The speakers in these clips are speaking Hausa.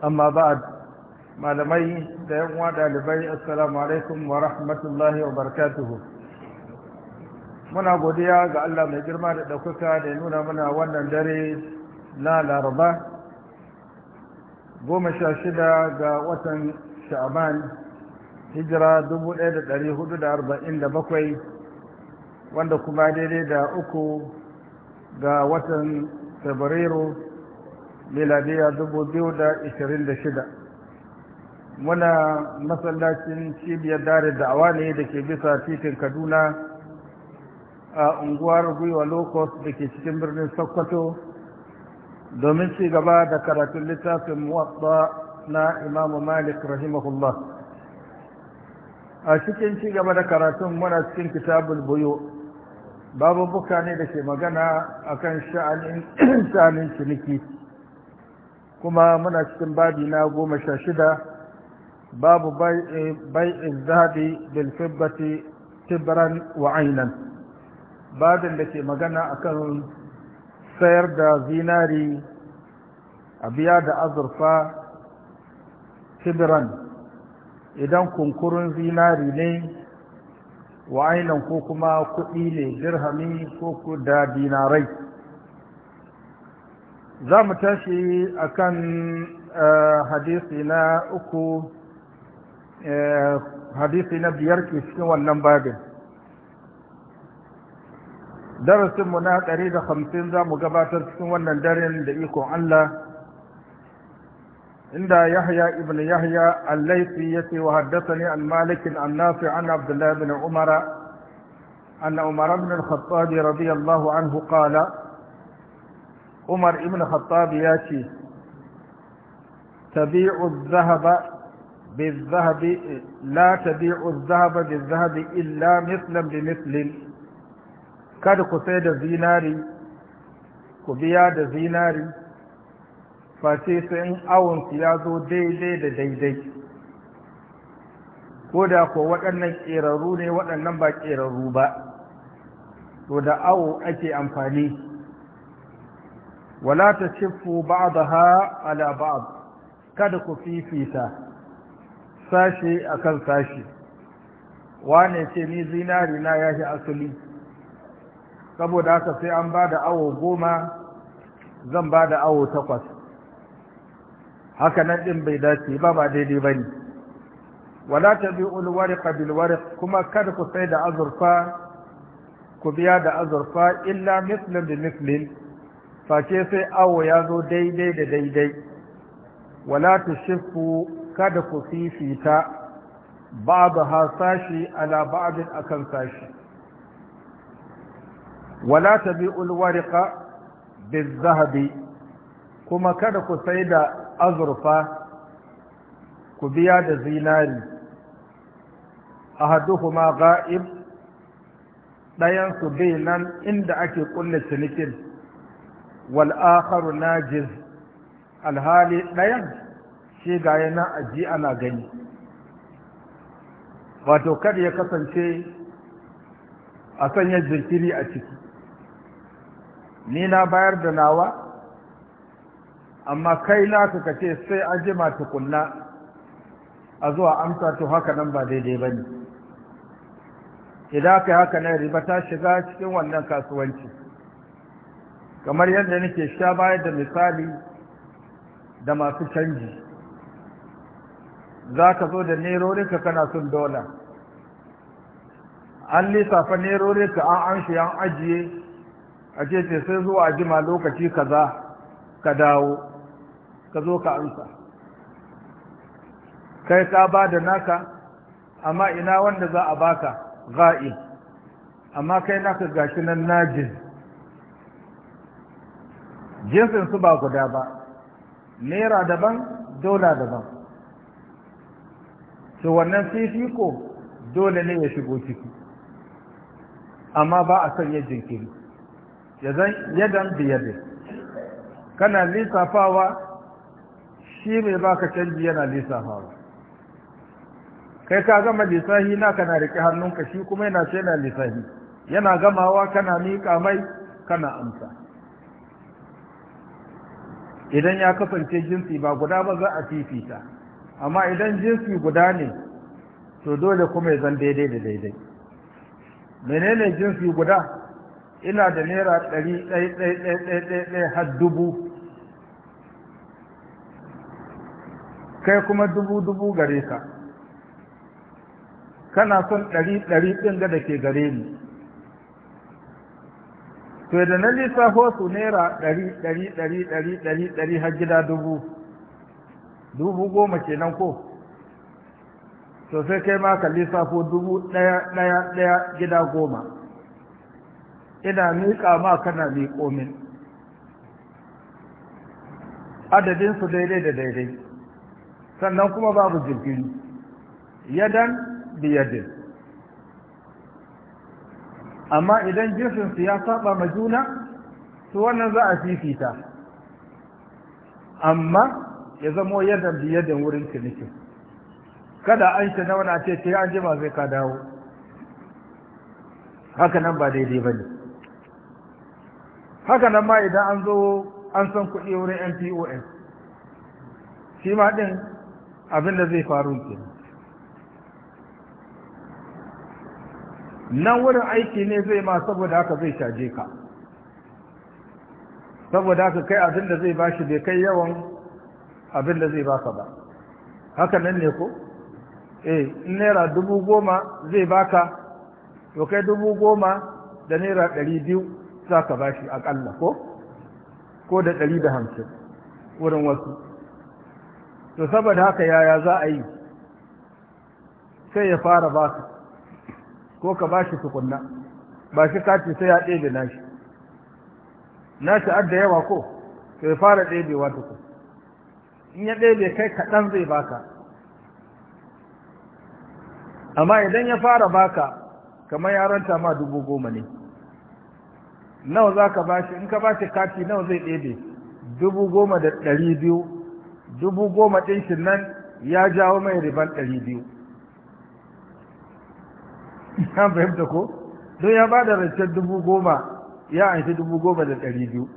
amma ba'ad malamai da yan ɗalibai. dalibai assalamu alaikum wa rahmatullahi wa barakatuhu muna godiya ga Allah mai girma da ɗaukaka da nuna mana wannan dare na laraba goma sha shida ga watan sha'aban hijira dubu ɗaya da ɗari hudu da arba'in da bakwai wanda kuma daidai da uku ga watan fabrairu miladiya shida. muna masallacin cibiyar dare awa ne da ke bisa titin kaduna a unguwar gwiwa locust da ke cikin birnin sokoto domin ci gaba da karatun littafin muwatsa na imamu malik rahimahullah a cikin ci gaba da karatun muna cikin kitabul buyo babu buka ne da ke magana akan sha'anin ciniki kuma muna cikin babi na goma sha shida babu bai'in eh, zahabi bil fibbati tibran wa ainan babin da ke magana akan sayar da zinari a biya da azurfa tibran idan kunkurin zinari ne wa ainan ko kuma kuɗi ne dirhami ko da dinarai za mu tashi akan eh, hadisi na uku eh, hadisi na biyar ke cikin wannan babin darasinmu na ɗari da hamsin za mu gabatar cikin wannan daren da ikon Allah inda yahya ibn yahya al-laifi ya ce wa haddasa ni an malikin an nafi an abdullahi bin umara an umara bin al-khattabi radiyallahu anhu qala umar ibn khattab ya ce tabi'u zahaba بالذهب لا تبيع الذهب بالذهب إلا kada ku sai da zinari ku biya da zinari face sai in awonsu ya zo daidai da daidai ko da ko waɗannan ƙerarru ne waɗannan ba ƙerarru ba to da awo ake amfani wala ta cifu ba'daha ala ba'd kada ku fifita sashi akan sashi wane ce ni zinari na yashi asali saboda haka sai an ba da awo goma zan ba da awo takwas haka nan ɗin bai dace ba ba daidai ba ne wala ta bi ulwarika bilwarik kuma kada ku sai da azurfa ku biya da azurfa illa mislin da mislin face sai awo ya zo daidai da daidai wala tushiffu kada ku fifita babu hasashi sashi ala ba'din akan sashi wala tabi'ul wariqa bizahabi kuma kada ku sai da azurfa ku biya da zinari ahaduhuma ga'ib ɗayan su bai nan inda ake kulle cinikin wal akharu najiz alhali ɗayan shi ga yana aji ana gani wato kada ya kasance a sanya jirkiri a ciki ni na bayar da nawa amma kai na ka ce sai an jima kunna. a zuwa amsa to haka nan ba daidai ba ne idan kai haka na riba ta shiga cikin wannan kasuwanci kamar yadda nake sha bayar da misali da masu canji za ka zo da nerorinka kana son dola an lissafa nerorinka an an shi an ajiye a ce ce sai zuwa a jima lokaci kaza ka dawo ka zo ka amsa kai ka ba da naka amma ina wanda za a baka ga'i amma kai naka gashi nan najin jinsin su ba guda ba naira daban dola daban to wannan fifiko dole ne ya shigo ciki amma ba a son jinkiri ya zan yadan biyade kana lissafawa shi mai baka canji yana lissafawa kai ka gama lissahi na kana riƙe hannunka shi kuma yana ce yana lissafi yana gamawa kana miƙa mai kana amsa idan ya kasance jinsi ba guda ba za a fifita amma idan jinsi guda ne to dole kuma ya zan daidai da daidai menene jinsi guda ina da naira ɗari ɗai har dubu kai kuma dubu dubu gare ka kana son ɗari ɗari ɗin da ke gare ni to da na lissafo su naira ɗari ɗari ɗari ɗari ɗari ɗari har gida dubu dubu goma kenan ko to sai kai ma ka lissafo dubu ɗaya ɗaya ɗaya gida goma ina miƙa ma kana miƙo min adadin su daidai da daidai sannan kuma babu jirgin yadan biyadin amma idan jinsinsu ya saba ma juna to wannan za a fifita amma ya zamo yadda yadda wurin ciniki kada an shi na wani ce ce an jima zai ka dawo haka nan ba daidai ba ne haka nan ma idan an zo an san kuɗi wurin mpos shi ma ɗin abin da zai faru nan wurin aiki ne zai ma saboda haka zai caje ka saboda haka kai abin da zai bashi bai kai yawan abin da zai baka ba haka nan ne ko eh naira dubu goma zai baka to kai dubu goma da naira ɗari biyu za ka bashi aƙalla ko ko da ɗari da hamsin wurin wasu to saboda haka yaya za a yi sai ya fara baka ko ka ba shi tukunna ba shi kati sai ya ɗebe nashi nashi adda yawa ko sai fara ɗebewa tukun in ya ɗebe kai kaɗan zai baka amma idan ya fara baka kamar yaranta ma dubu goma ne nawa za ka bashi in ka bashi kati nawa zai ɗebe dubu goma da ɗari biyu dubu goma ɗin nan ya jawo mai riban ɗari biyu ya fahimta ko don ya ba da rancen dubu goma ya aiki dubu goma da ɗari biyu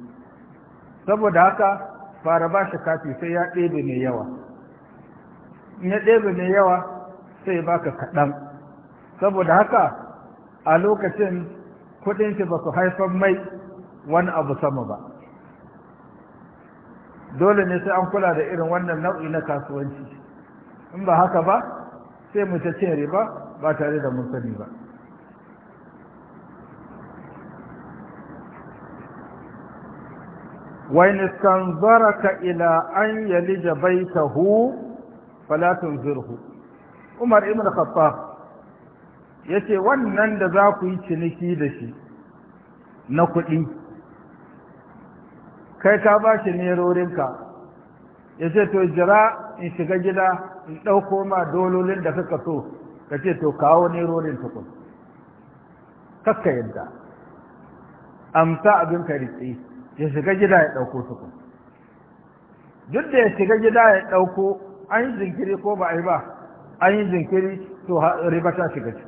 saboda haka fara ba shi kafi sai ya ɗebe mai yawa in ya ɗebe mai yawa sai ya baka kaɗan saboda haka a lokacin kuɗin shi ba su haifar mai wani abu sama ba dole ne sai an kula da irin wannan nau'i na kasuwanci in ba haka ba sai mu ta riba ba tare da mun sani ba وإن استنظرك إلى أن يلج بيته Umar تنظره عمر ابن ya yace wannan da za ku yi ciniki da shi na kuɗi kai ka ba shi nerorinka ya ce to jira in shiga gida in ɗauko ma dololin da kaka so ka ce to kawo ne rodin tukun kakka yadda amsa abin ka ritsi ya shiga gida ya ɗauko tukun duk da ya shiga gida ya ɗauko an yi jinkiri ko ba a yi ba an yi jinkiri to riba ta shiga ciki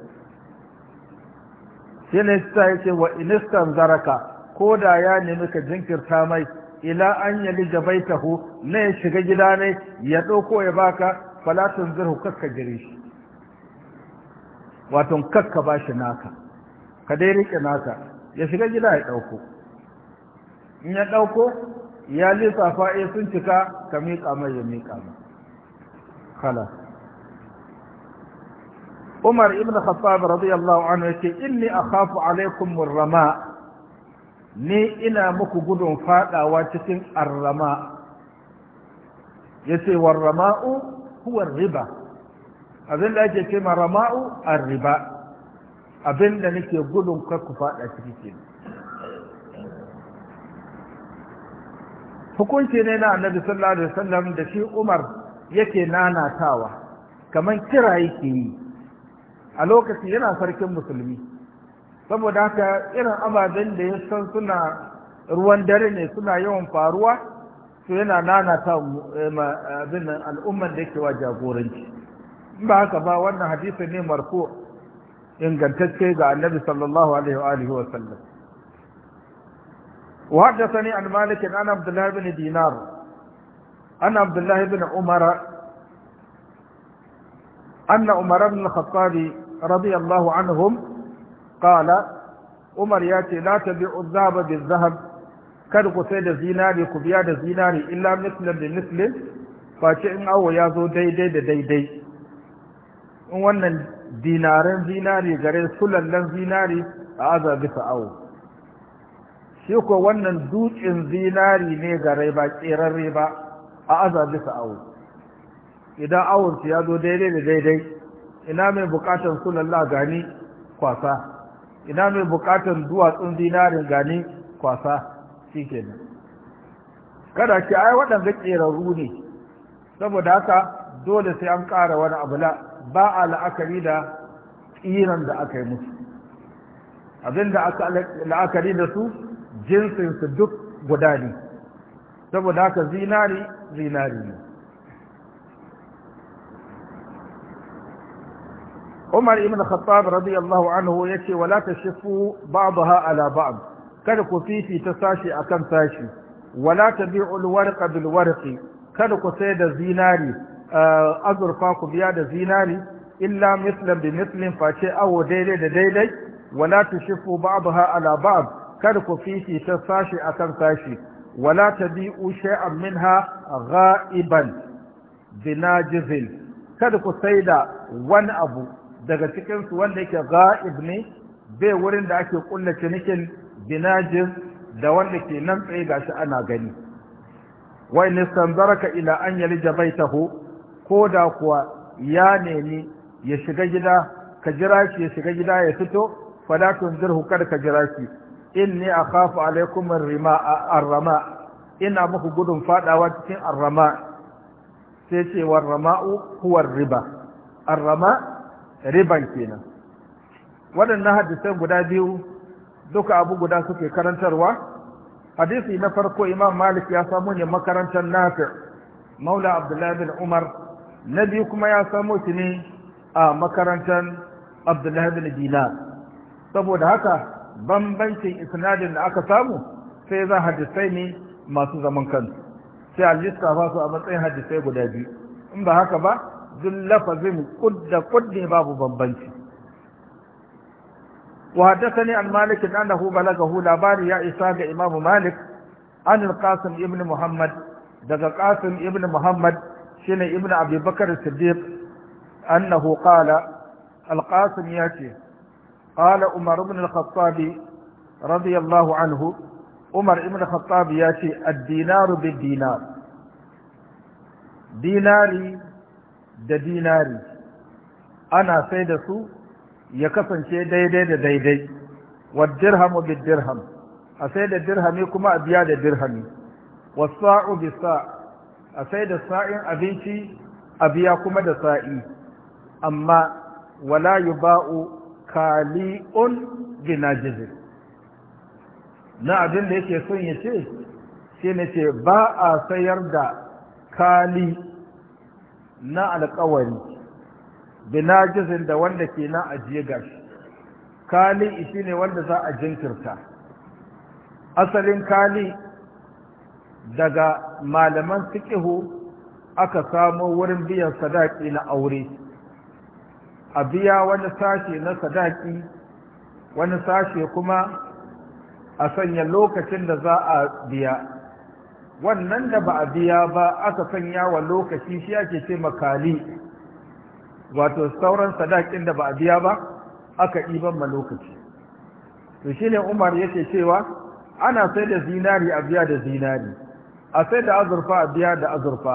sai ne ta yi ce wa inistan zaraka ko da ya nemi ka jinkirta mai ila an bai taho? na ya shiga gida ne ya ɗauko ya baka falatun zirhu kakka gire shi wato kakka ba shi naka ka dai rike naka ya shiga gida ya ɗauko in ya ɗauko ya lisa fa’i eh, sun cika ka miƙa mai ya miƙa mai kala Umar ibn Khattab radiyallahu anhu yace inni akhafu alaikum murrama ni ina muku gudun fadawa cikin arrama yace warrama'u huwa riba abin da ake ce rama'u riba. abin da nake gudun kar ku fada ciki ke hukunci ne na annabi sallallahu alaihi wasallam da shi Umar yake nanatawa kamar kira yake yi a lokaci yana sarkin musulmi saboda haka irin ababen da ya san suna ruwan dare ne suna yawan faruwa to yana nanata eh, abin al'ummar da yake wa jagoranci ba haka ba wannan hadisin ne marfu ingantacce ga annabi sallallahu alaihi wa alihi wa sallam وحدثني عن مالك عن عبد الله بن دينار عن عبد الله بن عمر أن عمر بن الخطاب رضي الله عنهم قال عمر ياتي لا تبيع الذهب بالذهب kada ku sai da zinari ku biya da zinari illa mislin da mislin face in awo ya zo daidai da daidai in wannan dinaren zinari gare su lallan zinari a aza bisa awo shi ko wannan dutsen zinari ne gare ba kerarre ba a aza bisa awo idan awon ya zo daidai da daidai ina mai bukatan su lalla gani kwasa ina mai bukatan duwatsun zinarin gani kwasa shi kenan kada ki ai waɗanda kerarru ne saboda haka dole sai an ƙara wani abu la ba a la'akari da tsiran da aka yi musu abinda aka la'akari da su jinsinsu duk guda ne saboda haka zinari zinari ne umar ibn khattab radiyallahu anhu yace wala tashifu ba'daha ala ba'd kada ku fifita sashi akan sashi wala tabi'u alwarqa bilwarqi kada ku sai da zinari azurfa ku biya da zinari illa mislan bi mislin face awo daidai da daidai wala tushifu ba'daha ala ba'd kada ku fifi ta sashi akan sashi wala tabi'u shay'an a ghaiban binajizin kada ku saida wani abu daga cikinsu wanda yake ra'ib ne bai wurin da ake kulla cinikin binajiz da wanda ke nan tsaye gashi ana gani wa in istanzaraka ila an yalija taho? ko da kuwa ya nemi ya shiga gida ka jira shi ya shiga gida ya fito fala tunzirhu kada ka jira shi In ne a kafa ar-rima a arrama. ina muku gudun fadawa cikin ar sai ce ramau riba ar riban kenan waɗannan hadisai guda biyu duka abu guda suke karantarwa hadisi na farko imam malik ya samu ne makarantar nafi maula abdullahi bin umar na biyu kuma ya samu su ne a makarantar abdullahi bin dina saboda haka bambancin isnadin da aka samu sai za hadisai ne masu zaman kansu sai alista ba su a matsayin hadisai guda biyu in ba haka ba duk lafazin kudda kudde babu bambanci وحدثني عن مالك أنه بلغه لاباري يا إساق إمام مالك عن القاسم ابن محمد دقى قاسم ابن محمد shine ibn Abibakar bakar siddiq annahu qala al yace qala umar ibn al-khattab radiyallahu anhu umar ibn al-khattab yace ad-dinaru bid-dinar dinari da dinari ana sai da su ya kasance daidai da daidai wa dirhamu bi dirham a sai da dirhami kuma a biya da dirhami wasa'u bisa a sai da sa'in abinci a biya kuma da sa'i amma wala yuba'u kali'un binajizin na abin da yake son ya ce shi ne ce ba a sayar da kali na alkawari binajizin da wanda ke na ajiye gashi kali shi ne wanda za a jinkirta asalin kali daga malaman fiqhu aka samo wurin biyan sadaki na aure a biya wani sashe na sadaki wani sashe kuma a sanya lokacin da za a biya wannan da ba a biya ba aka sanya wa lokaci shi ake ce makali wato sauran sadakin da ba a biya ba aka ban ma lokaci to shine umar yake cewa ana sai da zinari a biya da zinari a sai da azurfa a biya da azurfa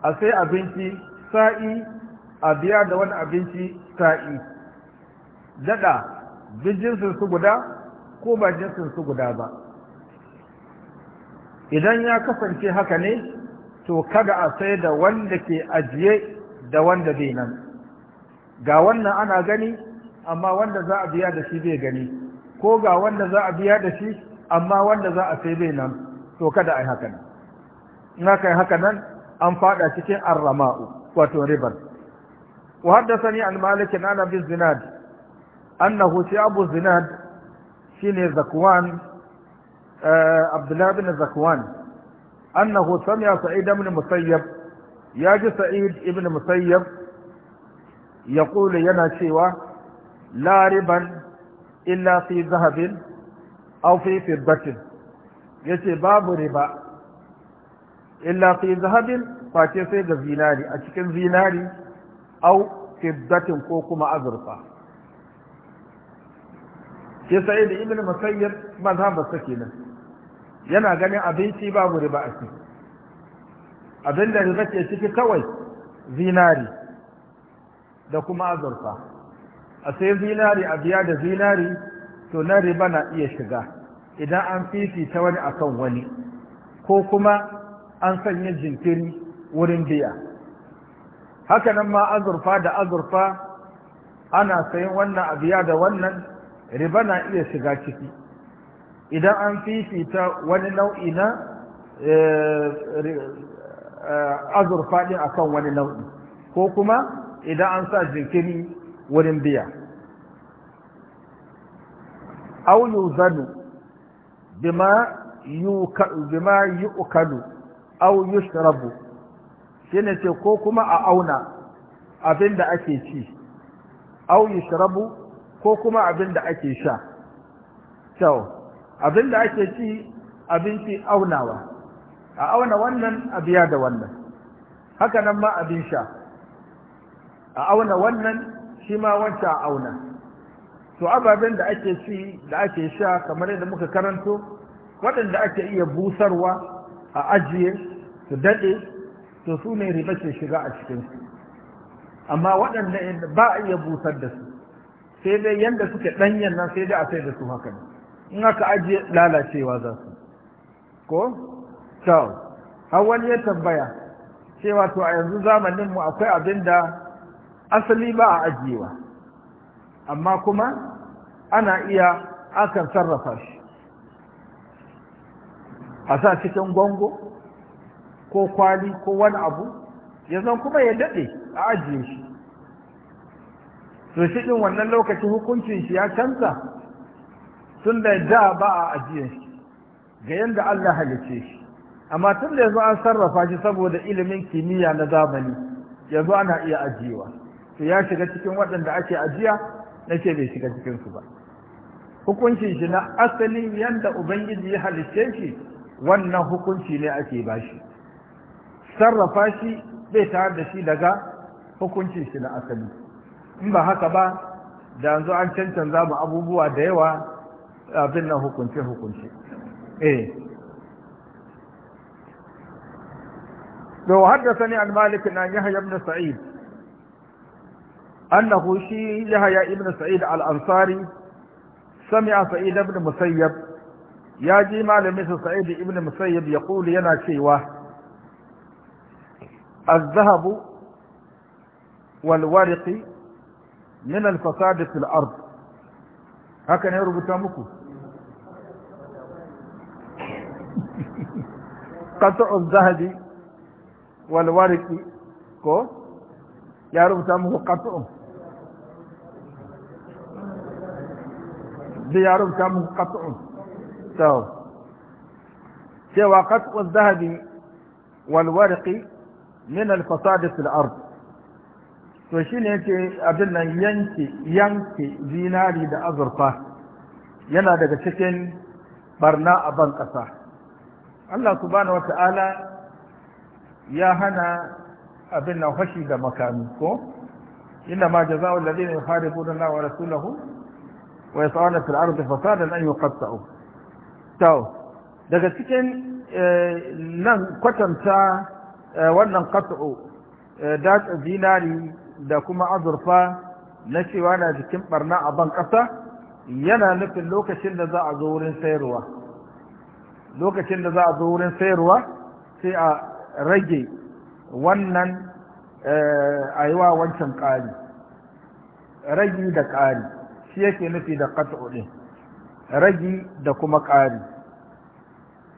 a sai abinci sa'i a biya da wani abinci sa'i Dada duk jinsin su guda ko ba jinsin su guda ba idan ya kasance haka ne to kada a sai da wanda ke ajiye da wanda bai nan ga wannan ana gani amma wanda za a biya da shi bai gani ko ga wanda za a biya da shi amma wanda za a sai bai nan to kada a yi haka nan na kai haka nan an fada cikin arrama'u wato ribar wa ni an malik na abi zinad annahu shi abu zinad shine zakwan eh, abdullah bin zakwan annahu sami'a sa'id ibn musayyab yaji sa'id ibn musayyab yaqulu yana cewa la riban illa fi zahabin aw fi fiddatin yace babu riba illa fi zahabin face sai da zinari a cikin zinari au fiddatin ko kuma azurfa ke sai da ibn musayyib mazhabar sa kenan yana ganin abinci babu riba a ciki abin da riba ke ciki kawai zinari da kuma azurfa a sai zinari a biya da zinari to na riba na iya shiga idan an fifita wani akan wani ko kuma an sanya jinkiri wurin biya hakanan ma azurfa da azurfa ana sayan wannan a da wannan riba na iya shiga ciki idan an fifita wani nau'i na eh, eh, azurfa ɗin akan wani nau'i ko kuma idan an sa jinkiri wurin biya au yuzanu bima yuqalu au yushrabu shine ce ko kuma a auna abin da ake ci au yushrabu ko kuma abin da ake sha to abin da ake ci abinci aunawa a auna wannan a biya da wannan haka nan ma abin sha a auna wannan shi ma wancan a auna to ababen da ake ci da ake sha kamar yadda muka karanto waɗanda ake iya busarwa a ajiye su daɗe to su ne riba ke shiga a cikinsu amma waɗanda ba a iya busar da su sai dai yadda suke ɗanyen nan sai dai a sai da su haka in aka ajiye lalacewa za su ko? kyau har wani ya tambaya cewa to a yanzu zamanin mu akwai abin da asali ba a ajiyewa amma kuma ana iya akan sarrafa shi a sa cikin gongo. ko kwali ko wani abu yanzu kuma ya daɗe a ajiye shi to shi ɗin wannan lokacin hukuncin shi ya canza tun da da ba a ajiye shi ga yadda Allah halice shi amma tun da yanzu an sarrafa shi saboda ilimin kimiyya na zamani yanzu ana iya ajiyewa to ya shiga cikin waɗanda ake ajiya nake bai shiga cikin su ba hukuncin shi na asalin yadda ubangiji ya halice shi wannan hukunci ne ake bashi sarrafa shi zai tayar da shi daga hukuncin shi na asali in ba haka ba da yanzu an cancanza mu abubuwa da yawa abin nan hukunce hukunce eh to haddathani an malik na yahya ibn sa'id annahu shi yahya ibn sa'id al-ansari sami'a sa'id ibn musayyab ya ji malamin sa'id ibn musayyab yaqulu yana cewa الذهب والورق من الفساد في الارض هكا نيرو بتامكو قطع الذهب والورق كو يا رب قطع دي يا رب قطع سوا طيب. سوا قطع الذهب والورق Minal al-fasad fil to shine yake abin nan yanke yanke zinari da azurfa yana daga cikin barna a ban ƙasa Allah subhanahu wata'ala ya hana abin nan fashi da makami ko inna ma jazaa'u alladhina yuharibuna Allah wa rasulahu wa yas'una fil ardi fasadan an yuqatta'u to daga cikin eh, nan kwatanta Eh, wannan katso eh, datsa zinari da kuma azurfa na cewa na jikin barna a ban ƙasa yana nufin lokacin da za a zo wurin sayarwa lokacin da za a zo wurin sayarwa sai a rage wannan eh, a yi wancan ƙari ragi da ƙari shi yake nufi da katso ɗin ragi da kuma ƙari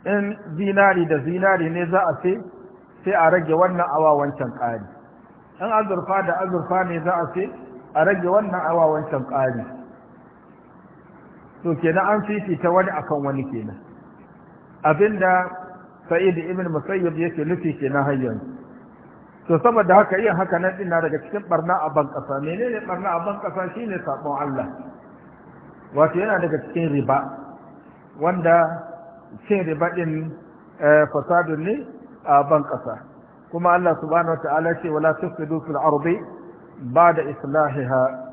in zinari da zinari ne za a sai sai a rage wannan awa wancan ƙari in azurfa da azurfa ne za a ce a rage wannan awa wancan ƙari to kenan an ta wani akan wani kenan abinda sa'id ibn musayyib yake nufi kenan har to saboda haka yin haka nan ina daga cikin barna a ban menene barna a ban shine sabon Allah wato yana daga cikin riba wanda cin riba din eh, fasadun ne a ban ƙasa kuma Allah subhanahu ta'ala ce wala tufsidu fil ardi ba'da islahiha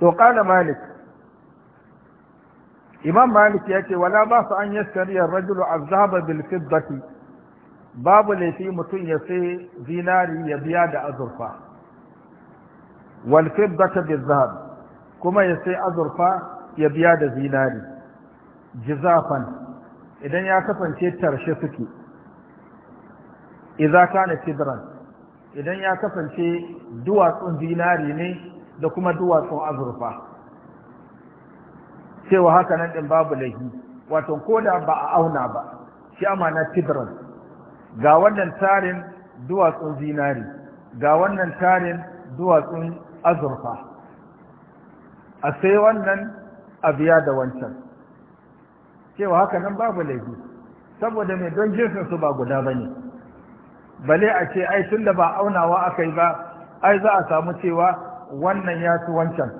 to qala malik imam malik ya ce wala ba su an yaskari ar-rajulu azaba bil fiddati babu laifi mutum ya sai zinari ya biya da azurfa wal fiddata bil zahab kuma ya sai azurfa ya biya da zinari jizafan idan ya kasance tarshe suke idan ka ne sidran idan ya kasance duwatsun zinari ne da kuma duwatsun azurfa cewa haka nan din babu lahi wato koda ba a auna ba shi amana tidran ga wannan tarin duwatsun zinari ga wannan tarin duwatsun azurfa a sai wannan abiya da wancan cewa haka nan babu laifi saboda mai don jinsin su ba guda ba ne bale a ce ai tun da ba aunawa aka yi ba ai za a samu cewa wannan ya ci wancan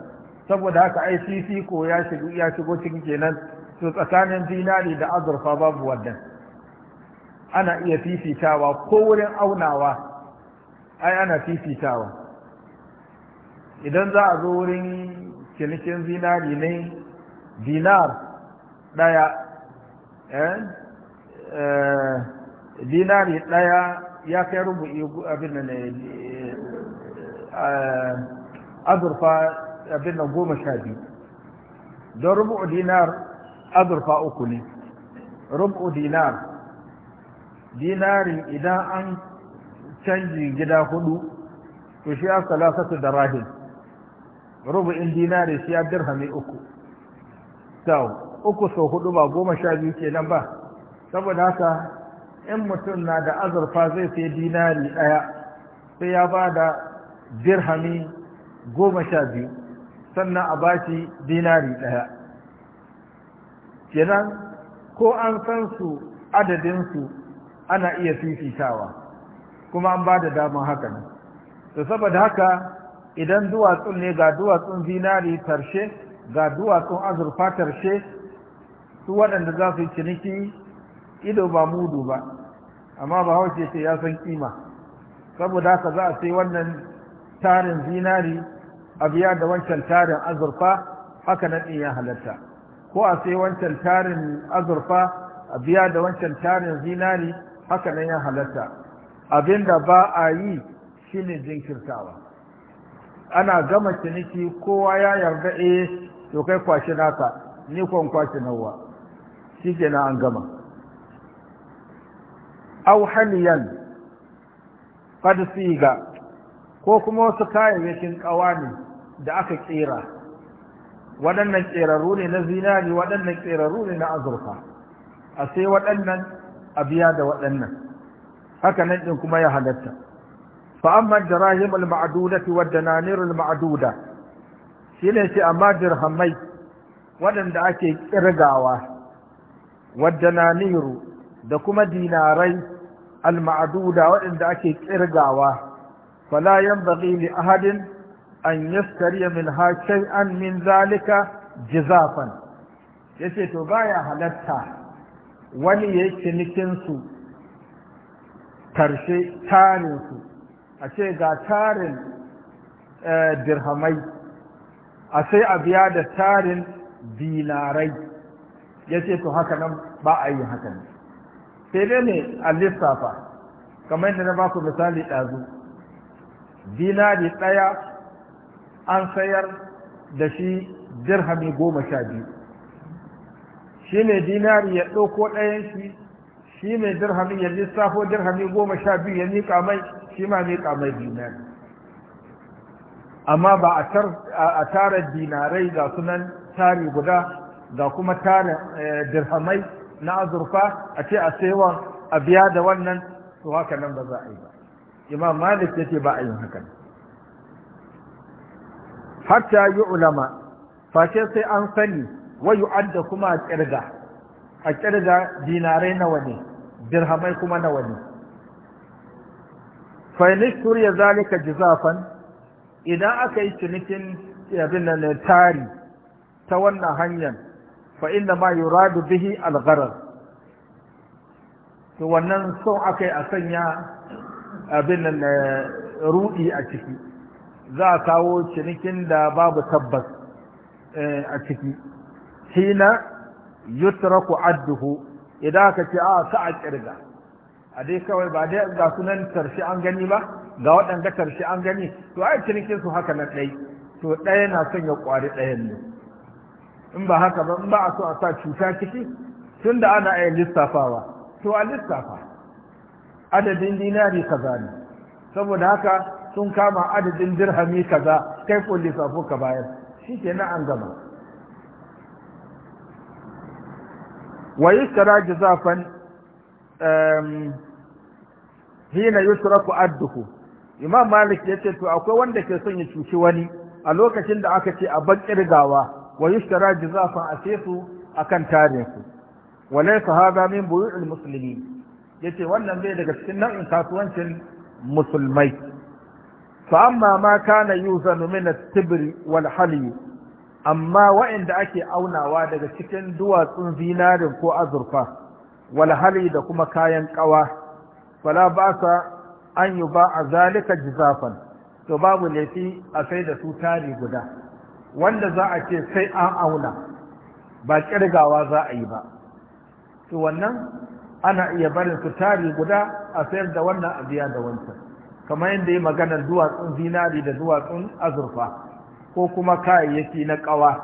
saboda haka ai fifi ko ya shigo ya shigo cikin kenan to tsakanin dinari da azurfa babu wannan ana iya fifitawa ko wurin aunawa ai ana fifitawa idan za a zo wurin cinikin zinari ne dinar ɗaya Eh? Eh, dinari ɗaya ya kai rubu abin da eh, azurfa abin da goma sha biyu don rubu dinar azurfa uku ne rubu dinar dinari idan an canji gida hudu to shi ya salasatu da rahim rubu'in dinari shi ya dirhami uku sau uku sau hudu ba goma sha biyu ke nan ba saboda haka 'yan mutum na da azurfa zai sai dinari ɗaya sai ya ba da dirhami goma sha biyu sannan a shi dinari ɗaya kenan ko an san su adadinsu ana iya fifitawa kuma an ba da damar haka ne da saboda haka idan duwatsun ne ga duwatsun zinari tarshe ga duwatsun azurfa tarshe su waɗanda za su yi ciniki ido ba mudu ba amma ba hau ce ya san kima saboda haka za a sai wannan tarin zinari a biya da wancan tarin azurfa haka nan ɗin ya halatta ko a sai wancan tarin azurfa a biya da wancan tarin zinari haka nan ya halatta abinda ba a yi shine jinkirtawa ana gama ciniki kowa ya yarda eh to kai kwashi naka ni kwan kwashi nawa shi kenan an gama au haliyan ko kuma wasu kayayyakin ƙawani da aka ƙera waɗannan ƙerarru ne na zinari waɗannan ƙerarru ne na azurfa a sai waɗannan a biya da waɗannan haka nan ɗin kuma ya halatta fa'amman dirahim al-ma'aduda fi wadda nanir al-ma'aduda shi ne shi amma dirhamai waɗanda ake ƙirgawa wadda da kuma dinarai al-ma'duda waɗanda ake kirgawa fala yanbaghi li ahadin an yastariya min ha shay'an min zalika jizafan yace to baya halatta wani ya yi cinikin su karshe tarin su a ce ga tarin eh, dirhamai a sai a biya da tarin dinarai ya ce to haka nan ba a yi haka ne sai dai ne a lissafa kamar yadda na ba misali ɗazu dinari ɗaya an sayar da shi dirhami goma sha biyu shi ne dinari ya ɗauko ɗayan shi shi ne dirhami ya lissafo dirhami goma sha biyu ya miƙa mai shi ma miƙa mai dinari amma ba a tara dinarai ga sunan tari guda ga kuma tarin eh, dirhamai na azurfa a ce a saiwan a biya da wannan to haka nan ba za a yi ba imam malik ya ce ba a yin hakan hatta yi ulama face sai an sani wa adda kuma a kirga a kirga dinarai nawa ne dirhamai kuma nawa ne fainishtur ya zalika jizafan idan aka yi cinikin abin nan tari ta wannan hanyar fa inna ma yuradu bihi al-gharar to wannan son akai a sanya abin nan eh, ruɗi a ciki za a kawo cinikin da babu tabbas eh, a ciki hina yutraku adduhu idan aka ce a ah, sa a kirga a dai kawai ba dai ga sunan tarshe an gani ba ga waɗanda tarshe an gani to ai cinikin su haka na ɗai to ɗaya na son ya ƙwari ɗayan ne in ba haka ba in ba a so a sa cuta ciki tun da ana yin lissafawa to a lissafa adadin dinari kaza ne saboda haka sun kama adadin dirhami kaza kai ko lissafo ka bayar shi ke na an gama wa tsara jazafan hina yushraku adduhu imam malik ya ce to akwai wanda ke son ya cuci wani a lokacin da aka ce a ban kirgawa wa yushtara jizafan a sai su akan tarin su walaysa hadha min buyu'il muslimin yace wannan bai daga cikin nau'in kasuwancin musulmai fa amma ma kana yuzanu min at-tibri wal amma waɗanda ake aunawa daga cikin duwatsun zinarin ko azurfa wal da kuma kayan ƙawa, fala ba sa an yuba a zalika jizafan to babu laifi a sai da su tari guda wanda za a ce sai an auna ba ƙirgawa za a yi ba to wannan ana iya barin su tari guda a sayar da wannan a biya da wancan kamar yadda yi maganar duwatsun zinari da duwatsun azurfa ko kuma kayayyaki na ƙawa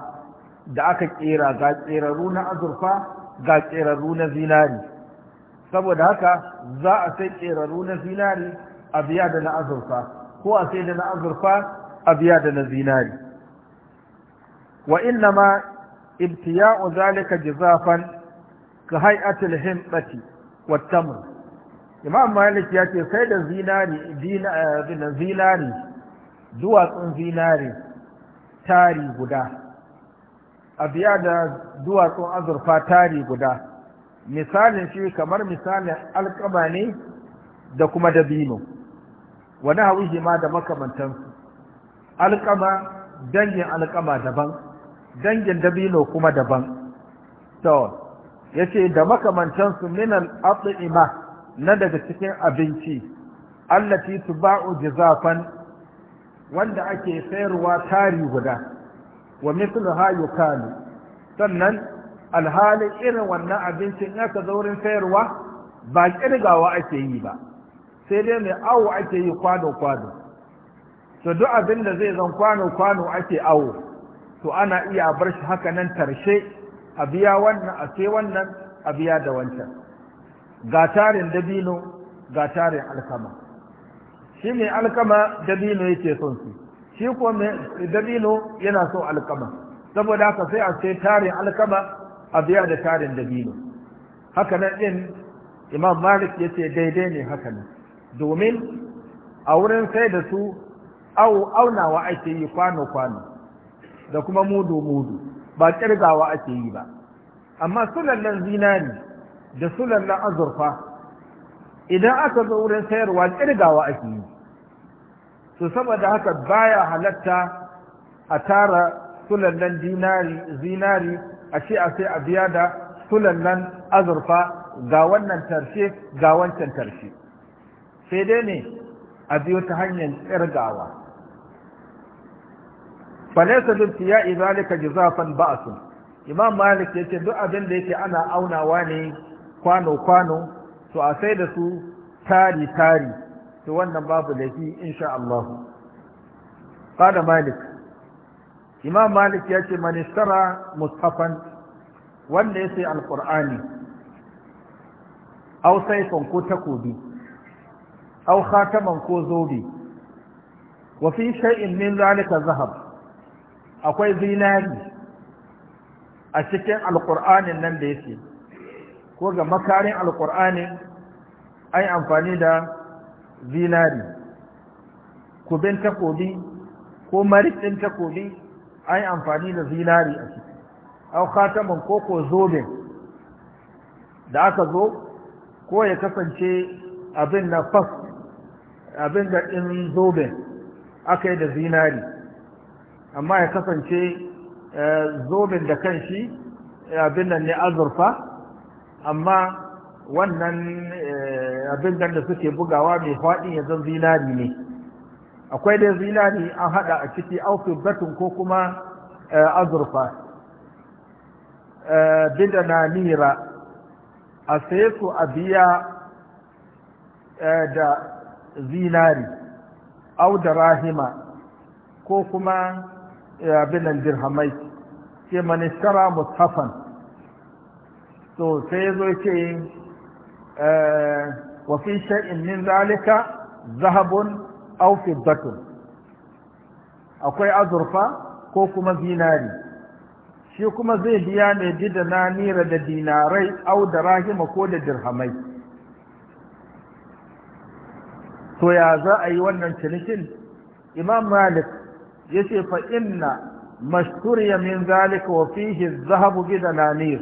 da aka ƙera ga ƙerarru na azurfa ga ƙerarru na zinari saboda haka za a sai ƙerarru na zinari a biya da na azurfa ko a sai da na azurfa a biya da na zinari wa innama ibtiya'u zalika jizafan ka hay'atil himtati wat tamr imam malik ya ce sai da zinari dina zinari duwatsun zinari tari guda a biya da duwatsun azurfa tari guda misalin shi kamar misalin alƙama ne da kuma dabino wani hawishi ma da makamantansu alƙama dangin alƙama daban dangin dabino kuma daban to yace da makamantan su min al-at'ima na daga cikin abinci allati tuba'u jazafan wanda ake sayarwa tari guda wa ha yukalu sannan alhali irin wannan abincin ya ka zaurin sayarwa ba kirgawa ake yi ba sai dai mai awo ake yi kwano-kwano to duk abin da zai zan kwano-kwano ake awo to ana iya bar shi haka nan tarshe a biya wannan a sai wannan a biya da wancan ga tarin dabino ga tarin alkama shi mai alkama dabino yake son su shi ko mai dabino yana son alkama saboda haka sai a sai tarin alkama a biya da tarin dabino haka nan din imam malik ya ce daidai ne haka nan domin a wurin sai da su aunawa ake yi kwano-kwano da kuma mudu mudu ba ƙirgawa ake yi ba amma sulallan zinari da sulallan azurfa idan aka zo wurin sayarwa ƙirgawa ake yi to saboda haka baya halatta a tara sulallan zinari a ce a sai a biya da sulallan azurfa ga wannan tarshe ga wancan tarshe sai dai ne a biyo ta hanyar ƙirgawa falaysa ya tiya'i jizafan jazafan ba'sun imam malik yace duk abin da yake ana aunawa ne kwano kwano to a sai da su tari tari to wannan babu laifi insha Allah qala malik imam malik yace man ishtara mushafan wanda sai Alƙur'ani. Au sayfan ko takobi Au khataman ko zobe wa fi shay'in min zalika zahab akwai zinari a cikin alƙur'anin nan da yake ko ga makarin alƙur'anin an amfani da zinari kubin takobi ko marikin takobi ai yi amfani da zinari a ciki au ko koko zobe da aka zo ko ya kasance abin na fas abin da in zobe aka yi da zinari amma ya kasance eh, zobin da kan shi eh, abin ne azurfa amma wannan eh, abin da suke bugawa mai faɗi ya zan zinari ne akwai da zinari an haɗa a ciki batun, ko kuma azurfa bida na nira a saye su a biya da zinari au da rahima ko kuma Eh, abinan dirhamai ce manistara mushafan to sai ya zo ce eh, wafi sha'in min zalika zahabun aufin batun akwai azurfa ko kuma zinari shi kuma zai biya ne dida na nira da dinarai au da rahima ko da dirhamai to ya za a yi wannan cinikin imam malik yace fa inna mashhuriya min zalika wa fihi adh-dhahabu bi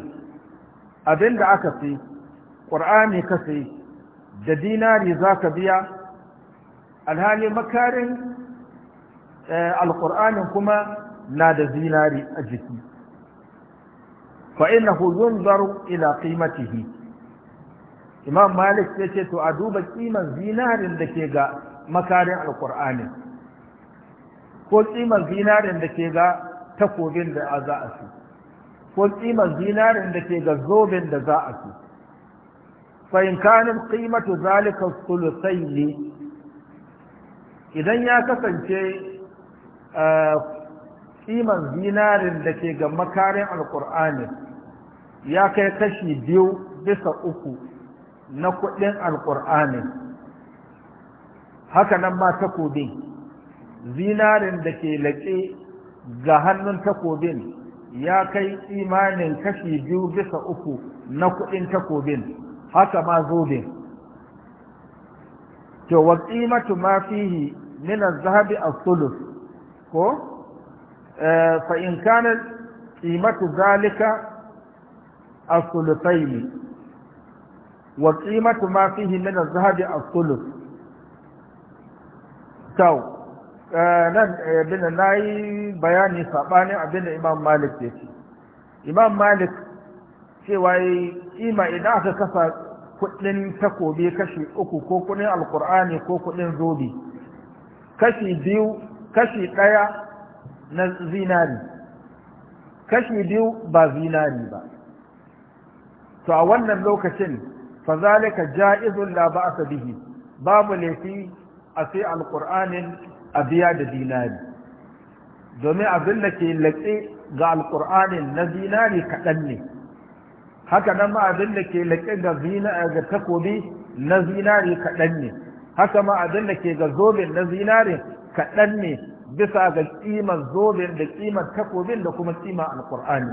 abinda aka fi qur'ani ka fi da dinari zaka biya alhali makarin eh, alqur'anin kuma na da zinari a jiki fa innahu yunzaru ila qimatihi imam malik yace to a duba kiman zinarin da ke ga makarin Alƙur'ani. ko tsiman zinarin da ke ga takobin da za a ci ko tsiman zinarin da ke ga zobin da za a ci fa kanin kimatu zalika sulusai ne idan ya kasance tsiman eh, zinarin da ke ga makarin alkur'ani ya kai kashi biyu bisa uku na kuɗin alkur'ani haka nan ma takobin zinarin da ke laƙe ga hannun takobin ya kai imanin kashi biyu bisa uku na kuɗin takobin haka ma zobe to wa qimatu ma fihi min az-zahabi as-sulus ko eh, fa in kana qimatu zalika as-sulusayn wa qimatu ma fihi min az-zahabi as-sulus nan abinda na yi bayani saɓanin abinda imam malik ya ce imam malik cewa yi ima idan aka kasa kudin takobi kashi uku ko kudin alkur'ani ko kudin zobe kashi biyu kashi ɗaya na zinari kashi biyu ba zinari ba to a wannan lokacin fa zalika ja'izun la ba'sa bihi babu laifi a sai alkur'anin a biya da dinari domin abin da ke laƙe ga alƙur'anin na dinari kaɗan ne haka nan ma abin da ke laƙe ga takobi na zinari kaɗan ne haka ma abin da ke ga zobin na zinari kaɗan ne bisa ga ƙimar zobin da ƙimar takobin da kuma ƙimar alƙur'ani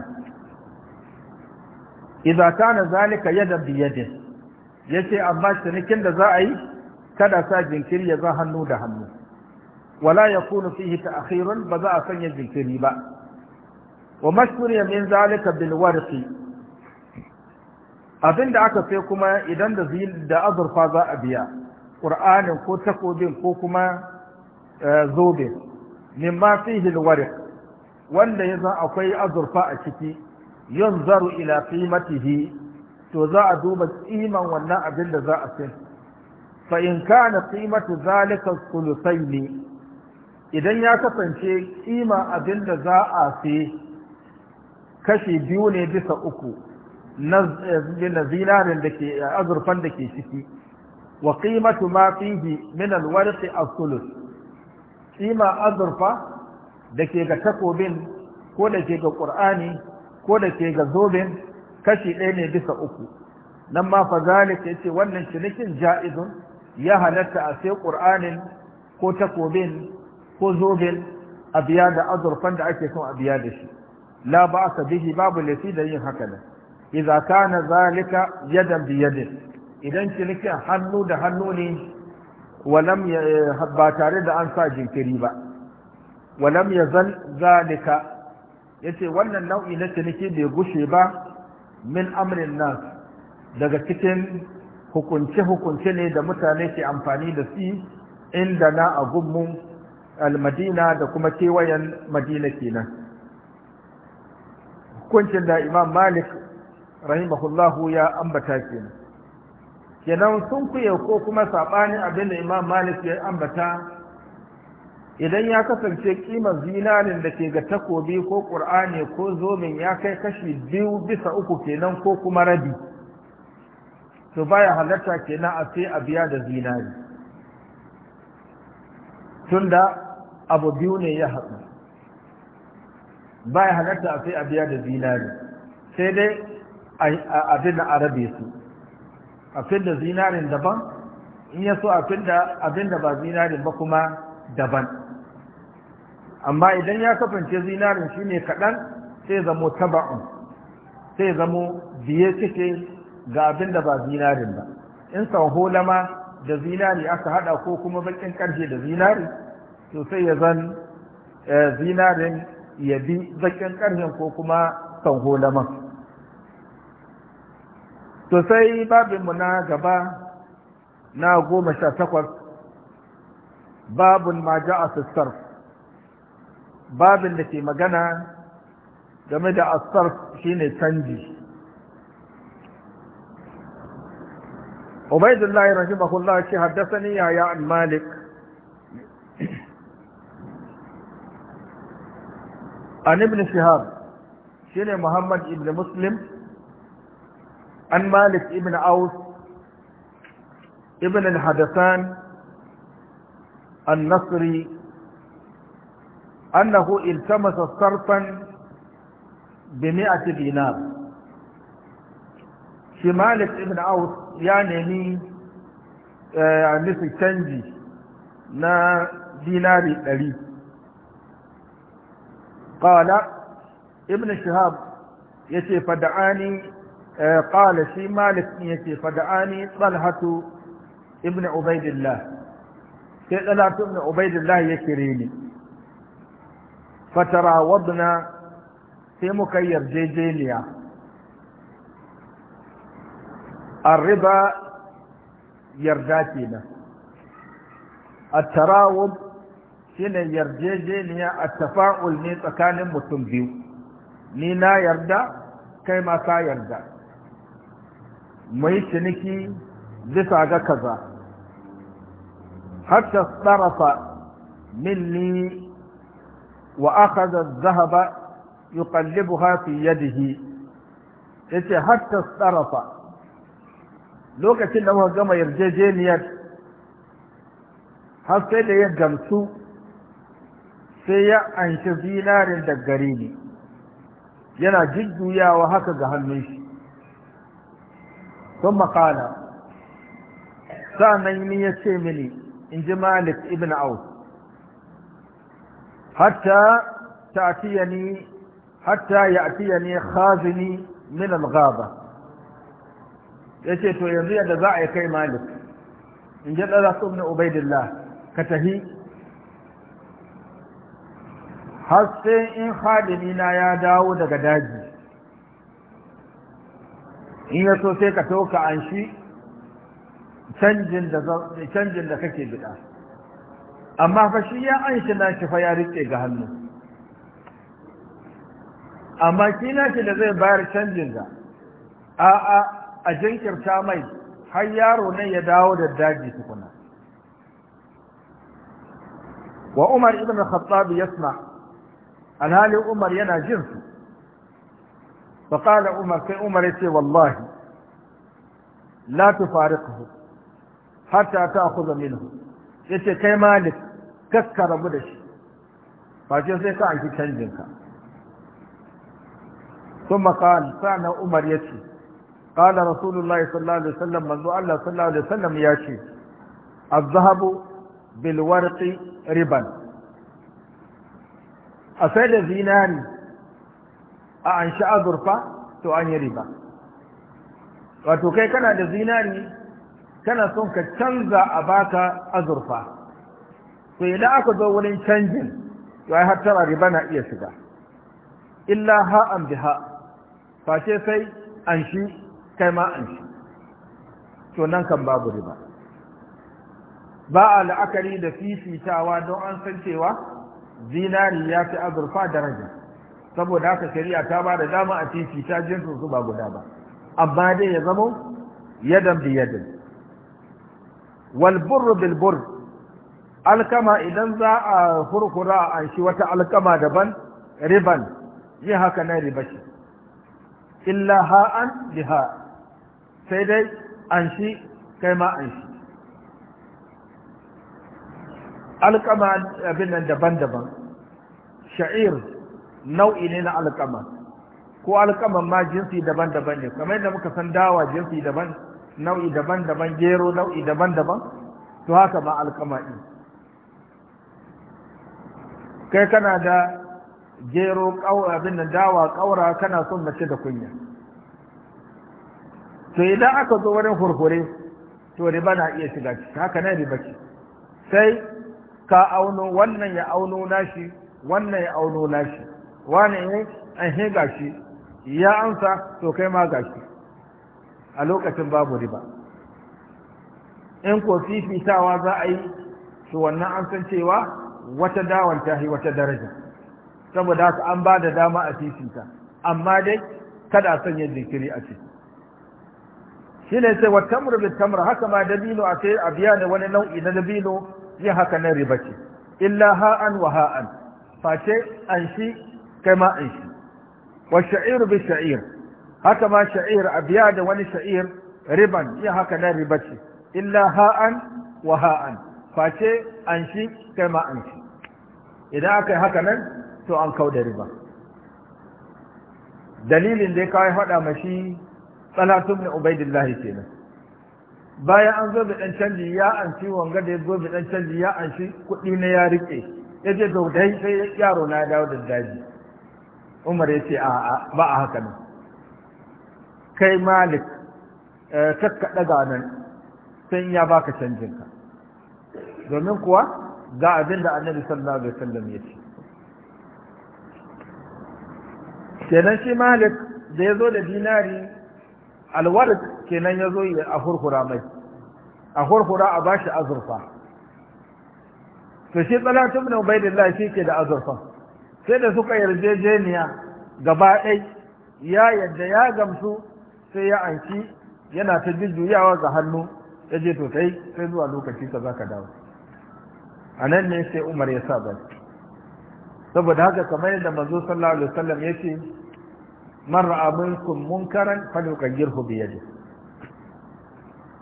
idza kana zalika yadan biyadin yace amma cinikin da za a yi kada sa jinkiri ya za hannu da hannu wala yakunu fihi ta'khirun ba za a sanya jinkiri ba wa mashkuriya min zalika bil warqi abinda aka sai kuma idan da da azurfa za a biya qur'anin ko takobin ko kuma zobe mimma fihi al warq wanda ya zan akwai azurfa a ciki yunzaru ila qimatihi to za a duba qiman wannan abin da za a sai fa in kana qimatu zalika thuluthaini idan ya kasance kima abin da za a fi kashi biyu ne bisa uku na eh, zinarin da ke eh, azurfan da ke ciki wa qimatu ma fihi min alwarqi as-sulus kima azurfa da ke ga takobin ko da ke ga qur'ani ko da ke ga zobin kashi ɗaya ne bisa uku nan ma fa zalika yace wannan cinikin ja'izun ya halatta a sai qur'anin ko takobin ko zobel a biya da azurfan da ake son a biya da shi la ba ka bihi babu lafi da yin haka nan Iza kana zalika yadan bi yadin idan cinikin hannu da hannu ne walam ba tare da an sa jinkiri ba walam yazal zalika yace wannan nau'i na ciniki bai gushe ba min amrin nas daga cikin hukunce-hukunce ne da mutane ke amfani da su inda na a gunmun al-madina da kuma kewayen madina kenan hukuncin da imam malik rahimahullahu ya ambata kenan kenan sun kuye ko kuma saɓanin abin imam malik ya ambata idan ya kasance kimar zinarin da ke ga takobi ko ƙur'ani ko zomin ya kai kashi biyu bisa uku kenan ko kuma rabi to baya halarta kenan a sai a biya da zinari tunda abu biyu ne ya haɗu ba ya halatta a sai a biya da zinari sai dai fi da arabe su fi da zinarin daban in ya so abin da ba zinarin ba kuma daban amma idan ya kafance zinarin shine kaɗan sai zamo taba'un sai zamo biye cike ga abin da ba zinarin ba in san lama da zinari aka hada ko kuma bakin ƙarfe da zinari to sai ya zan eh, zinarin ya bi zakin ƙarfin ko kuma sanho laman to sai babinmu na gaba na goma sha takwas babin ma ja a sassar babin da ke magana game da asar shine canji ubaidullahi rahimahullah ce haddasa ni yaya malik عن ابن شهاب شنو محمد ابن مسلم عن مالك ابن اوس ابن الحدثان النصري انه التمس صرفا بمئة دينار في مالك ابن اوس يعني لي يعني آه، في تنجي na dinari قال ابن شهاب يتي فدعاني آه، قال شي مالك يتي فدعاني طلحة ابن عبيد الله طلحة ابن عبيد الله يكريني فتراوضنا في مكير جيجينيا الربا يرداتينا التراوض shine yarjejeniya a tafa'ul ne tsakanin mutum biyu ni na yarda kai ma ka yarda mai ciniki bisa ga kaza Har ta tsarafa minni wa akhadha adh-dhahaba yuqallibuha Ya yadihi har ta tsarafa lokacin da muka gama yarjejeniyar har sai da ya gamsu sai ya anshi zinarin da gare ni yana jujjuyawa haka ga hannun shi sun makala sa'annan ni ya ce mini in ji malik ibn aus hatta ta'tiyani hatta ya'tiyani khazini min al-ghaba yace to yanzu yadda za a yi kai malik in ji ɗara ibn ubaidillah ka tahi har sai in hadimina ya dawo daga daji in ya so sai ka toka an shi canjin da kake bida amma fa shi ya an shi na shi fa ya rike ga hannu amma shi na shi da zai bayar canjin da a a a jinkirta mai har yaro ne ya dawo da daji tukuna wa umar ibn khattab yasma' alhali umar yana jin su fa qala umar sai umar ya ce wallahi la tufariqhu hatta ta'khudha Ya ce kai malik kaska rabu da shi face sai ka aiki canjinka. ka thumma qala sa'na umar yace qala rasulullahi sallallahu alaihi wasallam manzo Allah sallallahu alaihi sallam wasallam yace الذهب بالورق riban a faida zinari a an sha azurfa to an yi riba wato kai kana da zinari kana son ka canza a baka azurfa to idan aka zo wurin canjin to ai hattara riba na iya shiga illa ha ha'an biha face sai an shi kai ma an shi to nan kan babu riba ba a la'akari da fifitawa don an san cewa zinari ya fi azurfa daraja saboda haka shari'a ta ba da dama a titi ta jinsu su ba guda ba amma dai ya zamo yadan bi yadan wal burr bil burr alkama idan za a hurkura a shi wata alkama daban riban yi haka na riba shi illa ha'an biha sai dai an shi kai ma an shi Alƙama abin nan daban-daban sha'ir nau'i ne na alƙama, ko alƙaman ma jinsi daban-daban ne kamar yadda muka san dawa jinsi daban nau'i daban-daban gero nau'i daban-daban to haka ma alƙama ɗin kai kana da gero abin nan dawa ƙaura kana son mace da kunya to idan aka zo wurin furfure to riba na iya shiga ciki haka ne riba ce sai ka auno wannan ya auno nashi wannan ya auno nashi wani ne an he gashi ya amsa to kai ma gashi a lokacin babu riba in ko fifitawa za a yi to wannan an san cewa wata dawan ta yi wata daraja saboda haka an ba da dama a fifita amma dai kada a sanya jinkiri a ce shi ne sai wa tamru bi tamra haka ma dabino a sai a biya da wani nau'i na dabino yin haka nan riba ce illa ha'an wa ha'an face an shi kai ma an shi wa sha'ir bi sha'ir haka ma sha'ir a biya da wani sha'ir riban yin haka nan riba ce illa ha'an wa ha'an face an shi kai ma an shi idan aka yi haka nan to an kau da riba dalilin da ya kawai faɗa mashi tsalatun ne ubaidillahi kenan bayan an zo da ɗan canji ya anshi wanga da ya zo da ɗan canji ya anshi kuɗi na ya riƙe ya ce to dai sai yaro na ya dawo da daji umar ya ce a'a ba a haka nan kai malik eh, kakka ɗaga nan sai ya baka canjinka domin kuwa ga abin da annabi sallallahu alaihi wasallam ya ce kenan shi malik da ya zo da dinari alwar kenan ya zo a hurhura mai a hurhura a bashi azurfa to shi tsalatun ne ubaidillah shi ke da azurfa sai da suka yarjejeniya gaba ɗai ya yadda ya gamsu sai ya anki yana ta jujjuyawa ga hannu yaje je to kai sai zuwa lokaci ka za ka dawo a nan ne sai umar ya sa saboda haka kamar yadda manzo sallallahu alaihi wasallam ya ce man ra'a minkum munkaran falyughayyirhu bi yadihi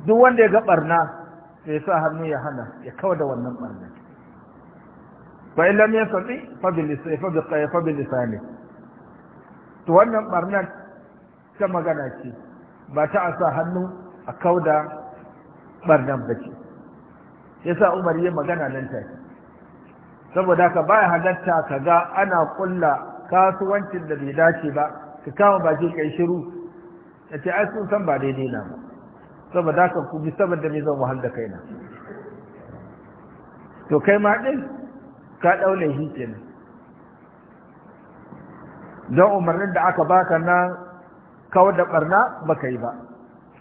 duk wanda ya ga barna sai ya sa hannu ya hana ya kawar da wannan barna fa in lam yastati fa bi lisani fa bi fa bi lisani to wannan barna ta magana ce ba ta a sa hannu a kauda barnan Sai sa Umar ya magana nan ta saboda ka baya halatta kaga ana kulla kasuwancin da bai dace ba ka kama baki ka yi shiru ya ce ai sun san ba daidai na ba saboda ka ku bi saboda mai zan wahal da kaina to kai ma ɗin ka daule shi kenan don umarnin da aka baka na kawar da barna baka yi ba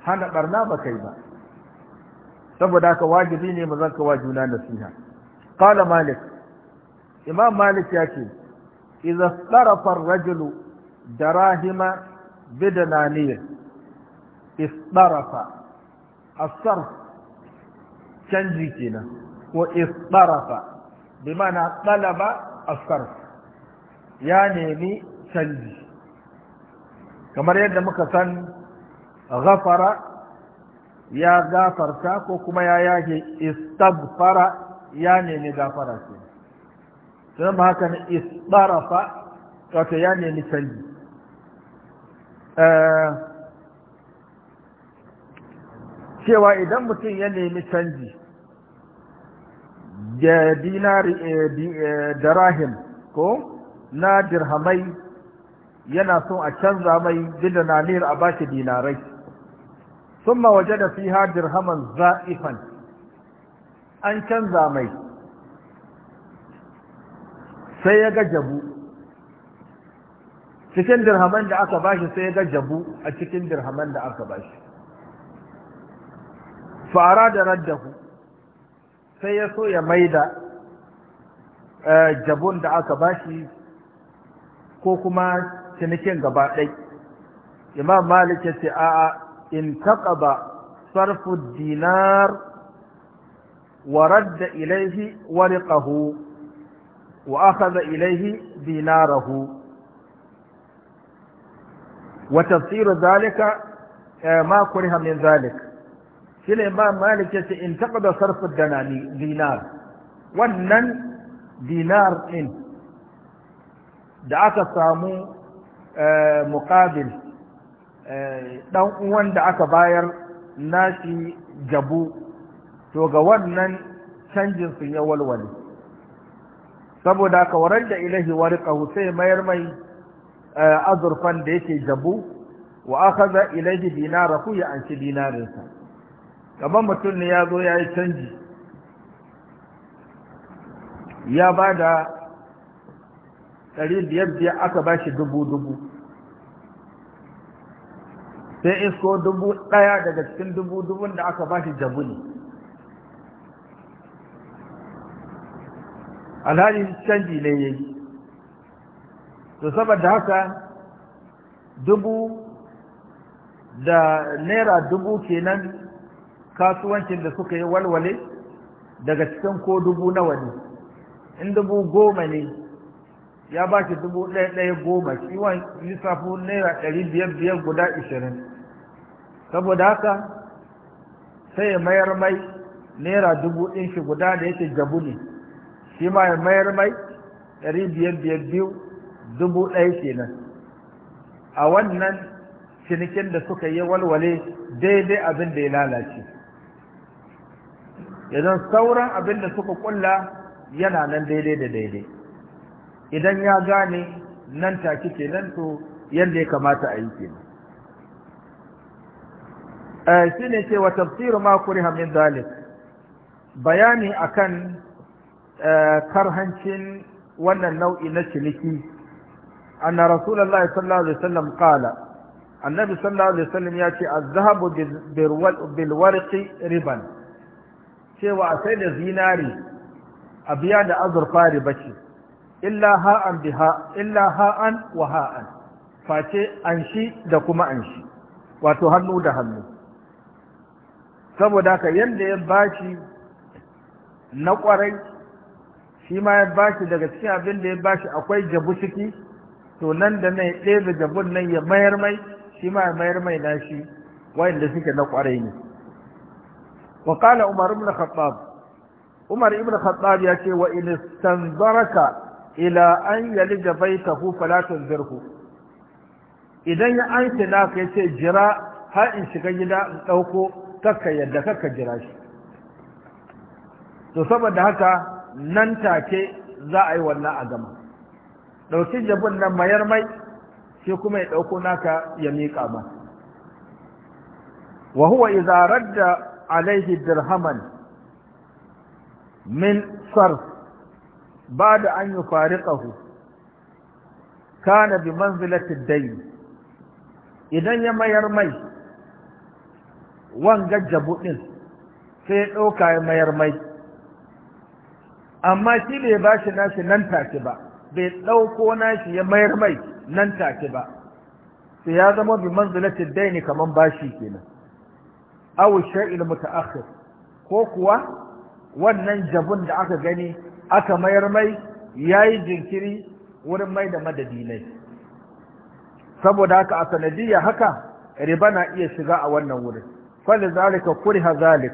hana barna baka yi ba saboda ka wajibi ne mazan ka wa juna nasiha qala malik imam malik ya ce idza sarafa ar da بدنانير اصطرف الصرف canji kenan ko isbarafa bi ɓalaba talaba ya nemi canji kamar yadda muka san ghafara ya gafarta ko kuma ya yage istaghfara ya nemi gafara ce sai ma haka ne isbarafa wato ya nemi canji Eh, cewa idan mutum ya nemi canji da dinari eh, eh, da rahim ko na dirhamai yana son a canza mai na nira a bashi dinarai sun waje da fi ha dirhaman za'ifan an canza mai sai ya ga jabu cikin dirhaman da aka bashi sai ya ga jabu a cikin dirhaman da aka bashi fara da raddahu sai ya so ya maida eh, jabun da aka bashi ko kuma cinikin gaba ɗai imam malik ya ce a'a in taqaba sarfu dinar wa radda ilaihi warqahu wa akhadha ilaihi dinarahu wa tafsiru zalika eh, ma kuriha min zalik shine imam malik ce in taqda sarfu danani dinar wannan dinar din da aka samu eh, muqabil eh, dan uwan da aka bayar nashi jabu to ga wannan canjin sun ya walwale saboda ka warar da ilahi warqahu sai mayar mai azurfan da yake jabu wa akhadha ilayhi ku ya anci dinarinsa kamar mutum ne ya zo ya yi canji ya ba da ɗari biyar biyar aka ba shi dubu dubu sai isko dubu ɗaya daga cikin dubu dubun da aka ba shi jabu ne alhali canji ne ya yi to saboda haka dubu da naira dubu kenan kasuwancin da suka yi walwale daga cikin ko dubu nawa ne in dubu goma ne ya ba shi dubu ɗaya ɗaya goma ciwon lissafi naira ɗari biyar biyar guda ishirin saboda haka sai ya mayar mai naira dubu ɗin shi guda da yake jabu ne shi ma ya mayar mai ɗari biyar biyar biyu dubu ɗaya kenan a wannan cinikin da suka yi walwale daidai abin da ya lalace idan sauran abin da suka kulla yana nan daidai da daidai idan ya gane nan take kenan to yadda ya kamata a yi kenan eh, shi ne ce wa tafsiru makuri hamid bayani akan eh, karhancin wannan nau'i na ciniki أن رسول الله صلى الله عليه وسلم قال النبي صلى الله عليه وسلم يأتي الذهب بالورق ربا سوى a sai أبيان أذر فاري بشي إلا هاء بها إلا هاء وهاء biha أنشي دكما أنشي وتهنو دهنو an shi da kuma shi wato saboda ka yadda ya bashi na kwarai shi ma ya bashi daga cikin abin da ya bashi akwai jabu ciki to nan da nan ɗebe jabun nan ya mayar mai shi ma ya mayar mai na shi wayanda suke na kwarai ne wa qala umar ibn khattab umar ibn khattab ya ce wa in istanzaraka ila an yalija baitahu fala tunzirhu idan ya na ka yace jira har shiga gida in dauko kakka yadda kakka jira shi to saboda haka nan take za a yi wannan a gama ɗauki jabun nan mayar mai sai kuma ya ɗauko naka ya miƙa ba wa huwa idza radda alaihi dirhaman min sarf ba'da an yufariqahu kana bi manzilati dayn idan ya mayar mai wanga jabu din sai ya ɗauka ya mayar mai amma shi bai bashi nashi nan take ba bai ɗauko nashi ya mayar mai nan take ba sai ya zama bi manzilatin daini kaman bashi kenan aw shay'il muta'akhir ko kuwa wannan jabun da aka gani aka mayar mai yayi jinkiri wurin mai da madadinai saboda haka a sanadiyya haka riba na iya shiga a wannan wurin fali zalika kuriha zalik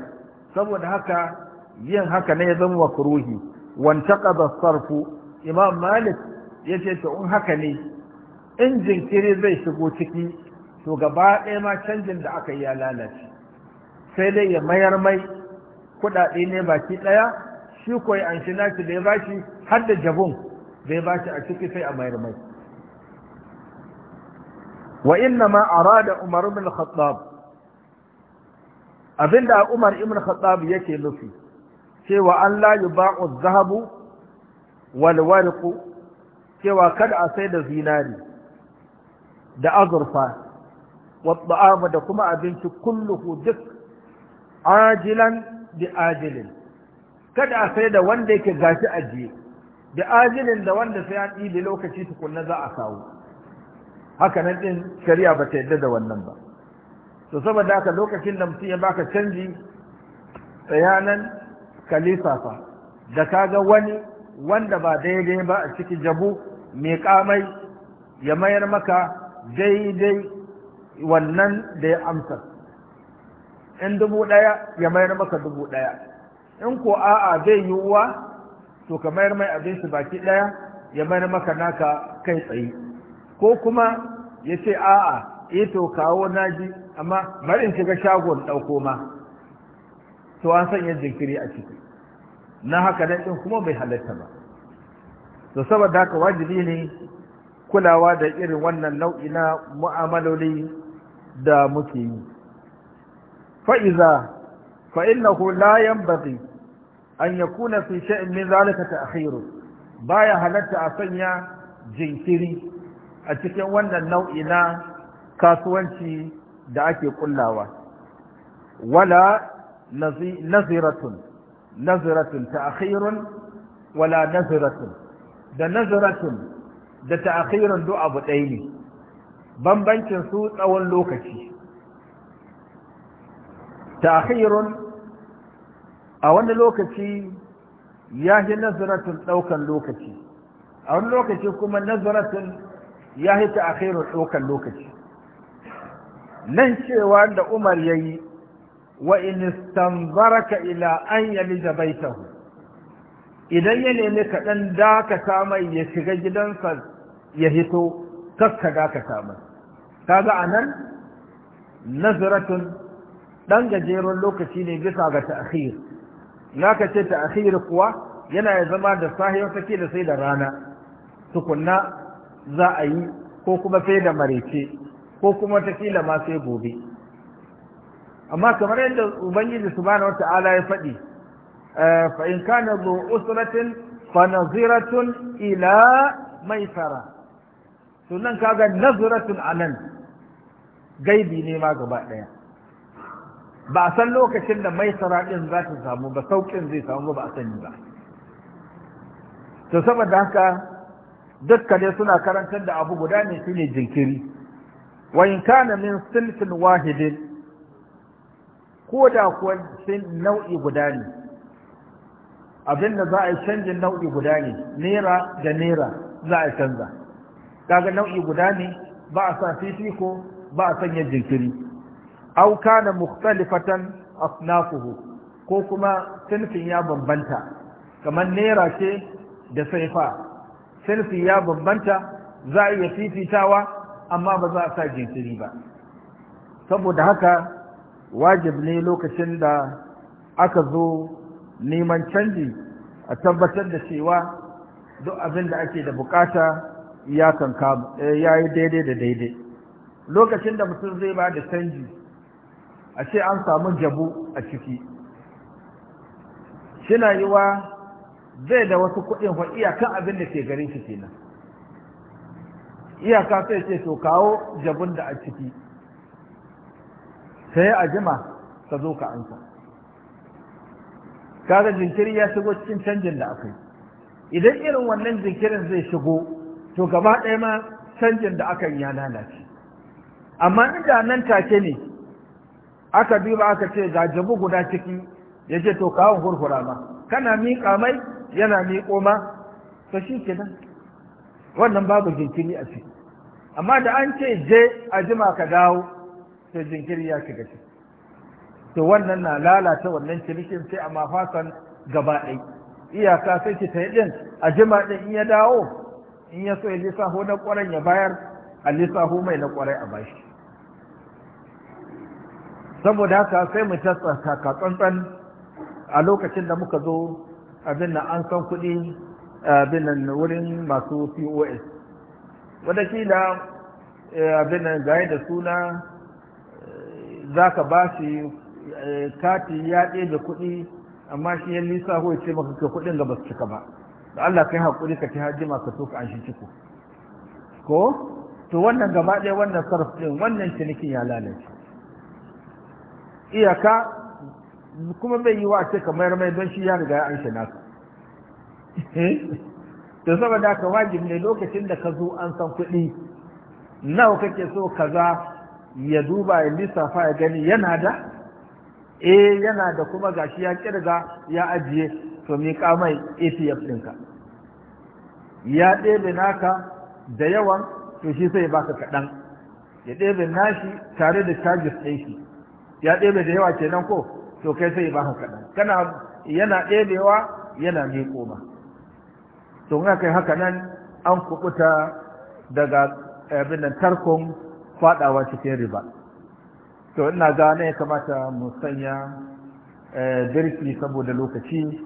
saboda haka yin haka ne ya zama makruhi wantaqada sarfu imam malik ya ce to in haka ne in jinkiri zai shigo ciki to gaba ɗaya ma canjin da aka yi ya lalace sai dai ya mayar mai kuɗaɗe ne baki ɗaya shi koyi an shi naci da ya bashi har da jabun da ya bashi a ciki sai a mayar mai wa inna ma arada umar ibn khattab abinda umar ibn khattab yake nufi cewa an la yuba'u zahabu walwarku cewa kada a sai da zinari da azurfa wadda'amu da kuma abinci kulluhu duk ajilan bi ajilin kada a sai da wanda yake gashi ajiye bi ajilin da wanda sai an ɗibi lokaci tukunna za a kawo haka nan ɗin shari'a ba ta yadda da wannan ba to saboda haka lokacin da mutum ya baka canji tsayanan fa da kaga wani wanda ba daidai ba a ciki jabu mai kamai ya mayar maka daidai wannan da ya amsa in dubu ɗaya ya mayar maka dubu ɗaya in ko a'a bai yiwuwa to ka mayar mai abin su baki ɗaya ya mayar maka naka kai tsaye ko kuma ya ce a'a e to kawo naji amma marin in shiga shagon ɗauko ma to an sanya jinkiri a ciki na haka nan din kuma bai halatta ba to saboda haka wajibi ne kulawa da irin wannan nau'i na mu'amaloli da muke yi fa'iza innahu la yanbaghi an yakuna fi shay'in min zalika ta'khiru baya halatta a sanya jinkiri a cikin wannan nau'i na kasuwanci da ake kullawa wala naziratun nazaratun ta'khirun wala nazaratun da nazaratun da ta'khirun duk abu ne bambancin su tsawon lokaci ta'khirun a wani lokaci ya yi nazaratun ɗaukan lokaci a wani lokaci kuma nazaratun ya yi ta'khirun ɗaukan lokaci nan cewa da Umar yayi wa in istanzaraka ila an yalija baitahu idan ya nemi ka dakata mai ya shiga gidansa ya hito takka dakata mai kaga anan nazratun ɗan gajeren lokaci ne bisa ga ta'khir naka ce ta'khir kuwa yana ya zama da sahiya take da sai da rana tukunna za a yi ko kuma sai da marece ko kuma ta kila ma sai gobe amma kamar yadda ubangiji subhanahu wata'ala ya faɗi eh, fa in kana zu usratin fa naziratun ila maisara to nan kaga naziratun anan gaibi ne ma gaba ɗaya ba a san lokacin da maisara ɗin za ta samu ba sauƙin zai samu ba a sani ba to saboda haka dukkan ne suna karantar da abu guda ne shine jinkiri wa in kana min silfin wahidin ko da kuwa nau'i guda ne abin da za a yi canjin nau'i guda ne naira da naira za a canza kaga nau'i guda ne ba a sa fifiko ba a sanya jinkiri au kana mukhtalifatan asnafuhu ko kuma sinfin ya bambanta kamar naira ce da saifa sinfin ya bambanta za a iya fifitawa amma ba za a sa jinkiri ba saboda haka wajib ne lokacin da aka zo neman canji a tabbatar da cewa duk abin da ake da bukata ya eh, ya yi daidai da daidai lokacin da mutum zai ba da canji a ce an samu jabu a ciki shina yi wa zai da wasu kuɗin wa iyakan abin da ke garin shi kenan iyaka sai ce to kawo jabun da a ciki sai a jima ka zo ka ansa kaga jinkiri ya shigo cikin canjin da aka yi idan irin wannan jinkirin zai shigo to gaba ɗaya ma canjin da aka yi ya lalace amma inda nan take ne aka duba aka ce ga jabu guda ciki ya ce to kawon hurhura ma kana miƙa mai yana miƙo ma to shi kenan wannan babu jinkiri a ciki amma da an ce je a jima ka dawo sai jinkiri ya shiga ciki to wannan na lalata wannan cinikin sai a fasan gaba ɗai iyaka sai ki tayi din a jima din in ya dawo in ya so ya lissafo na ƙwarai ya bayar a lissafo mai na ƙwarai a bashi saboda haka sai mu tasa ka tsantsan a lokacin da muka zo abin nan an san kuɗi abin nan wurin masu pos wadakila eh, abin nan gaye da suna za ka ba shi eh, kati ya da kuɗi amma shi ya nisa ko ce maka ka kuɗin ga ba su cika ba da Allah kai haƙuri ka ci hajima ka so ka an shi ciko ko to wannan gaba ɗaya wannan sarf ɗin wannan cinikin ya lalace iyaka kuma bai yi wa ce ka mayar mai don shi ya riga ya an shi naka to saboda ka wajibi ne lokacin da ka zo an san kuɗi nawa kake so kaza ya duba ya lissafa ya gani yana da eh yana da kuma gashi ya kirga ya ajiye to mi mai ATF ɗinka ya ɗebe naka da yawan to shi sai baka kaɗan ya ɗebe nashi tare da charges ɗin shi ya ɗebe da yawa kenan ko to kai sai baka kaɗan kana yana ɗebewa yana miƙo ba to in kai haka nan an kuɓuta daga eh, abin tarkon Faɗawa cikin riba to ina ga ne kamata mu sanya eh, birki saboda lokaci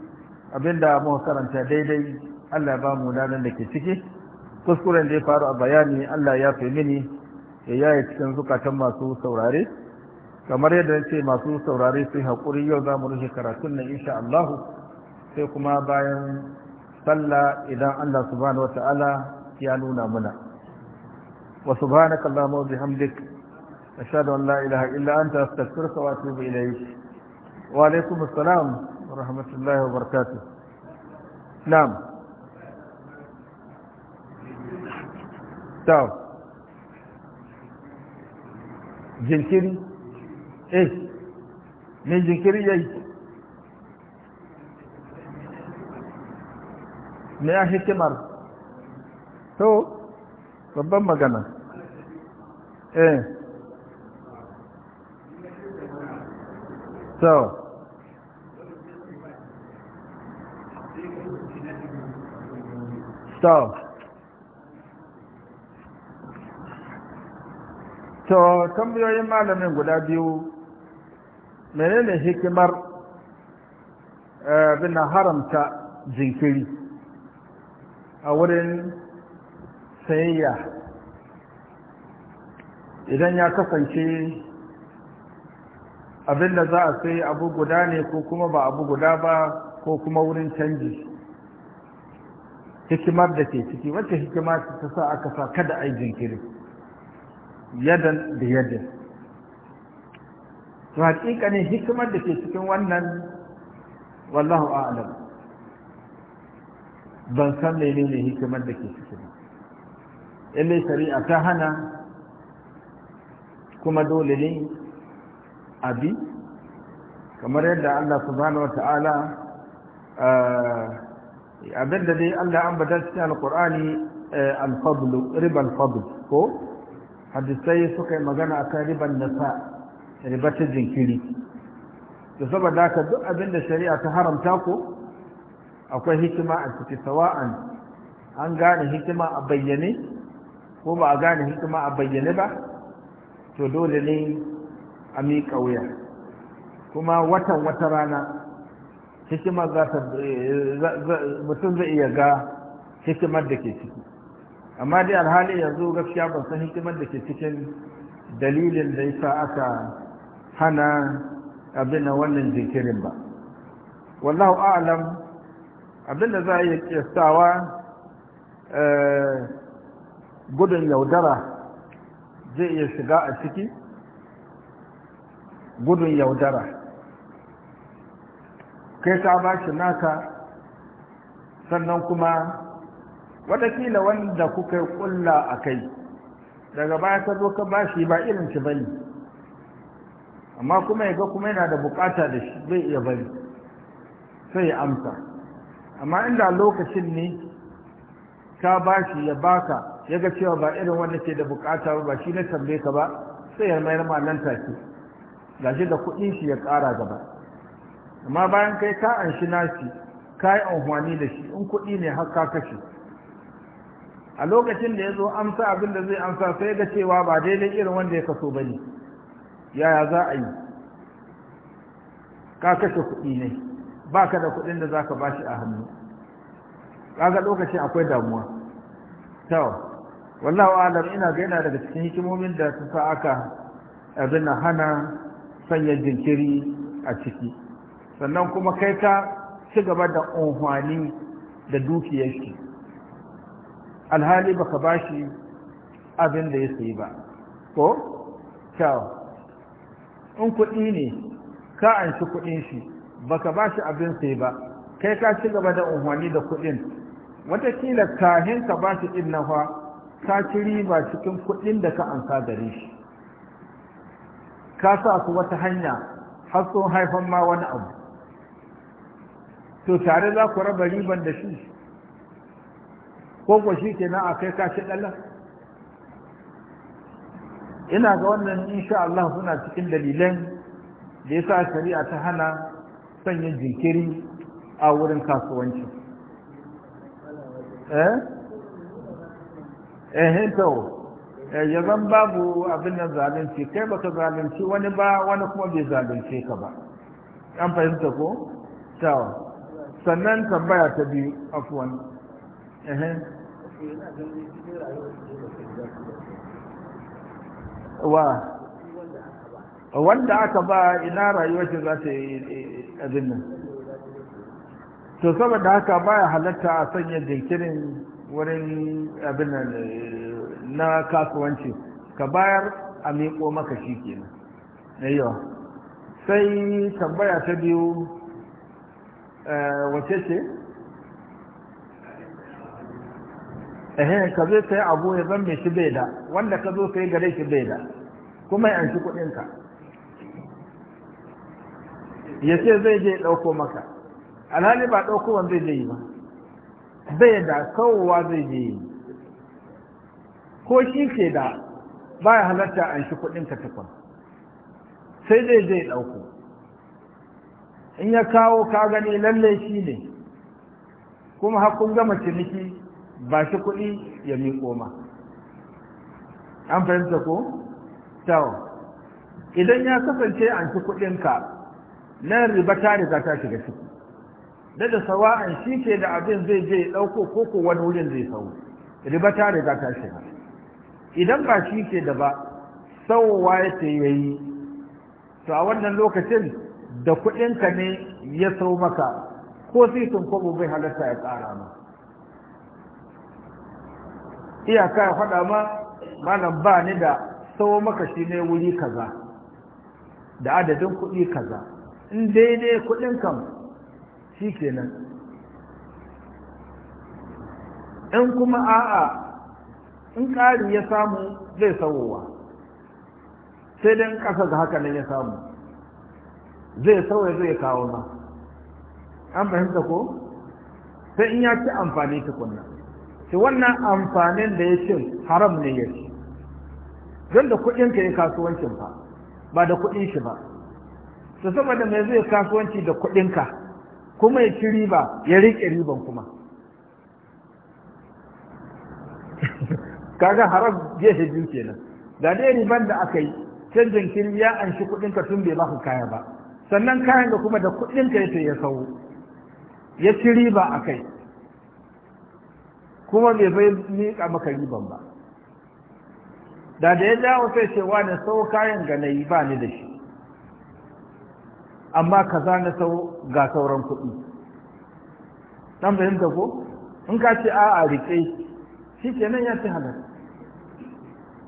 abinda mu karanta daidai Allah ya ba mu ladan da ke ciki kuskuren da ya faru a bayani Allah ya fi mini ya yaya cikin zukatan masu saurare kamar yadda ce masu saurare sai haƙuri yau za mu rufe karatun nan insha Allah sai kuma bayan sallah idan Allah subhanahu ya nuna muna وسبحانك اللهم وبحمدك أشهد أن لا إله إلا أنت أستغفرك وأتوب إليك وعليكم السلام ورحمة الله وبركاته نعم تاو جنكري إيه من جنكري جاي من ya hikimar تو ربما magana eh so so to tambayoyin malamin guda biyu menene hikimar eh, bin haramta jinkiri a wurin sayayya idan ya kasance abin da za a sai abu guda ne ko kuma ba abu guda ba ko kuma wurin canji hikimar da ke ciki wacce hikima ta sa aka sa kada a yi jinkiri yadan da yadda. to ne hikimar da ke cikin wannan wallahu a'lam ban san menene hikimar da ke cikin illai shari'a ta hana kuma dole ne abi kamar yadda Allah subhanahu wata'ala eh, abin da dai Allah an bada cikin alkur'ani eh, alfablu al-fadl ko hadisai suka yi magana akan riba nasa ta jinkiri da saboda haka duk abinda shari'a ta haramta ko akwai hikima a ciki sawa'an an gane hikima a bayyane ko ba a gane hikima a bayyane ba to dole ne a miƙa wuya kuma watan wata rana hikimar za ta mutum zai iya ga hikimar da ke ciki amma dai alhali yanzu gaskiya ban san hikimar da ke cikin dalilin da yasa aka hana abin da wannan jinkirin ba wallahu a'lam abin da za a yi kiyastawa eh, gudun yaudara zai iya shiga a ciki gudun yaudara kai ka ba shi naka sannan kuma watakila wanda kuka ƙulla a kai daga baya ka zo ka ba shi ba irin shi bane amma kuma ya ga kuma yana da bukata da shi zai iya bari sai ya amsa amma inda lokacin ne ka ba shi ya baka ya ga cewa ba irin wanda ke da bukata ba shi na tambaye ka ba sai ya mayar ma nan take gashi da kuɗin shi ya kara gaba amma bayan kai ka an shi nasi ka yi amfani da shi in kuɗi ne har ka kashe a lokacin da ya zo amsa abin da zai amsa sai ga cewa ba daidai irin wanda ya kaso ba ne yaya za a yi ka kashe kuɗi ne ba ka da kuɗin da za ka ba a hannu kaga lokacin akwai damuwa tawa wallahu alam ina ga yana daga cikin hikimomin da su sa aka abin hana sanya jinkiri a ciki sannan kuma kai ka ci gaba da unhwani da dukiyarki alhali baka bashi abin da ya sayi ba ko kyau in kuɗi ne ka an ci kuɗin shi baka bashi abin sayi ba kai ka ci gaba da unhwani da kuɗin Wataƙila kahin ka bashi ɗin na ka ci riba cikin kuɗin da ka anka gare shi ka sa su wata hanya har sun haifan ma wani abu to tare za ku raba riban da shi ko ko shi na a kai ka ci ɗalar ina ga wannan insha Allah suna cikin dalilan da ya sa shari'a ta hana sanya jinkiri a wurin kasuwanci eh Eh, eh to eh, ya zan babu abin nan zalunci kai baka zalunci wani ba wani kuma bai zalunce ka ba an fahimta ko tawa sannan tambaya ta bi afwan ehin eh. wa wanda aka ba ina rayuwar shi za ta yi abin nan to saboda haka baya halatta a sanya jinkirin wurin abin na kasuwanci ka bayar a miƙo maka shi ke na sai tambaya ta biyu eh, wace ce ehe ka zo sai abu ya zan shi bai da wanda ka zo sai gare shi bai da kuma ya shi kudinka ya ce zai je ɗauko maka alhali ba wanda zai yi ba bai da kawowa zai je ko shi ke da ba ya halatta an shi kudin ka tukun sai dai zai ɗauko in ya kawo ka gani lallai shi ne kuma hakun gama ciniki ba shi kuɗi ya miƙo ma an fahimta ko? tawo idan ya kasance an shi ka nan riba ta riga ta shiga ciki da sawa'in shi ke da abin zai je ɗauko ko ko wani wurin zai sau riba ta riga ta shiga idan ba shi ke da ba sauwa ya ce ya yi to a wannan lokacin da kuɗinka ne ya sau maka ko sitin kwabo bai halarta ya tsara ma iyaka ya faɗa ma malam ba ni da sau maka shi ne wuri kaza da adadin kuɗi kaza in daidai kuɗin kan shi kenan in kuma a'a in ƙari ya samu zai sauwa sai dai in ƙasa ga haka nan ya samu zai sauya zai kawo ma an fahimta ko sai in ya ci amfani tukunna shi wannan amfanin da ya ce haram ne ya ce don da kuɗinka ya kasuwancin fa ba da kuɗin shi ba su saboda mai zai kasuwanci da kuɗinka kuma ya ci riba ya riƙe riban kuma kaga haram gefe biyu kenan da dai riban da aka yi canjin kiri ya anshi kuɗin ka tun bai baka kaya ba sannan kayan da kuma da kuɗin ka yake ya sau ya ci riba a kai kuma bai bai miƙa maka riban ba da da ya dawo sai ce wa ne sau kayan ga ba ni da shi amma ka na sau ga sauran kuɗi ɗan fahimta ko in ka ce a a riƙe shi nan ya ci halar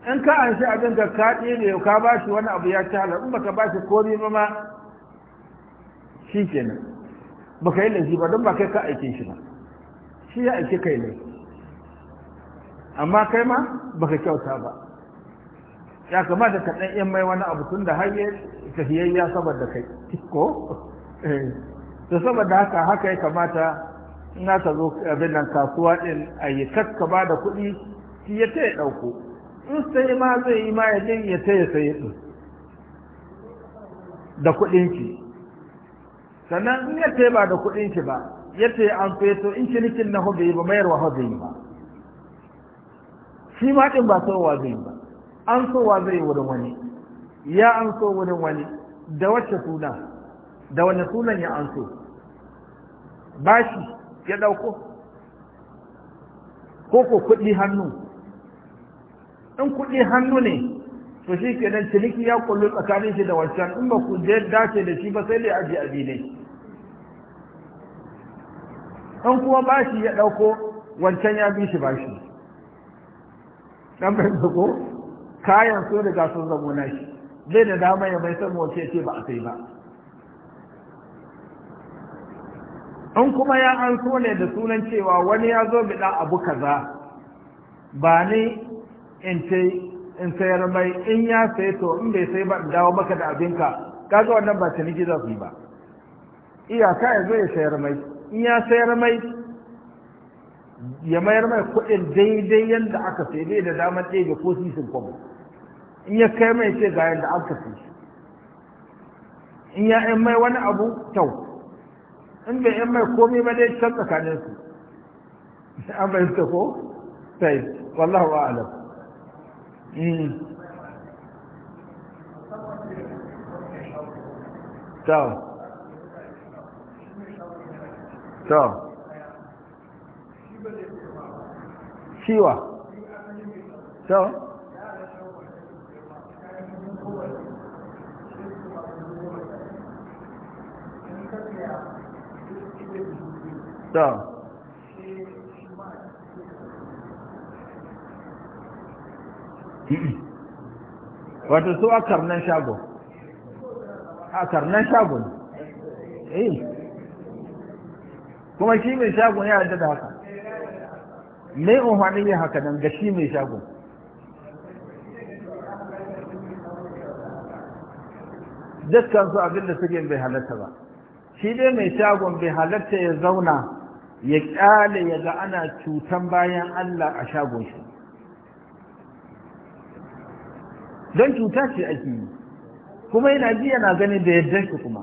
in ka an shi abin ka ka ɗere ka ba shi wani abu ya ci halar in baka ba shi kori ba ma shi Ba baka yi laifi ba don ba kai ka aike shi ba shi ya aike kai ne, amma kai ma baka kyauta ba ya kamata ka ɗan yan mai wani abu tun da har tafiyayya saboda kai ko eh. to saboda haka haka ya kamata in ka zo abin nan kasuwa ɗin a yi kakka ba da kuɗi shi ya ta ya ɗauko in sai ma zai yi ma ya je ya ta ya sayi ɗin da kuɗin ki sannan in ya ta ba da kuɗin ki ba ya ta ya an feto in nikin na hobe ba mayarwa hobe ba shi ma ɗin ba sauwa zai ba an wa zai wurin wani ya an so wurin wani da wacce suna da wani sunan ya an so bashi ya dauko ko ko kuɗi hannu in kuɗi hannu ne to shi ke nan ciniki ya kullu tsakanin shi da wancan in ba ku je dace da shi ba sai dai aji abi ne in kuma bashi ya dauko wancan ya bi shi bashi dan bai ko kayan sun riga sun zamo shi, zai da dama ya mai san wace ce ba a sai ba in kuma ya an so ne da sunan cewa wani ya zo biɗa abu kaza ba ni in ce in sayar mai in ya sai to in bai sai ba in dawo maka da abinka kaga wannan ba ta za su yi ba iyaka ya zo ya sayar mai in ya sayar mai ya mayar mai kuɗin daidai yadda aka sai bai da damar ɗaya ko sisin kwabo in ya kai mai ce ga yadda aka sai in ya yan mai wani abu kyau in bai yan mai komai ba dai can tsakanin su an fahimta ko sai wallahu a'lam to hmm. to shiwa so so wato su a karnan shago a karnan shago ne eh kuma shi mai shago ya yadda da haka mai unhwanin yin haka nan gashi mai shago dukkan su abin da suke bai halarta ba shi dai mai shagon bai halarta ya zauna ya kyale ya ga ana cutan bayan Allah a shagon shi don cuta ce ake yi kuma yana ji yana gani da yadda shi kuma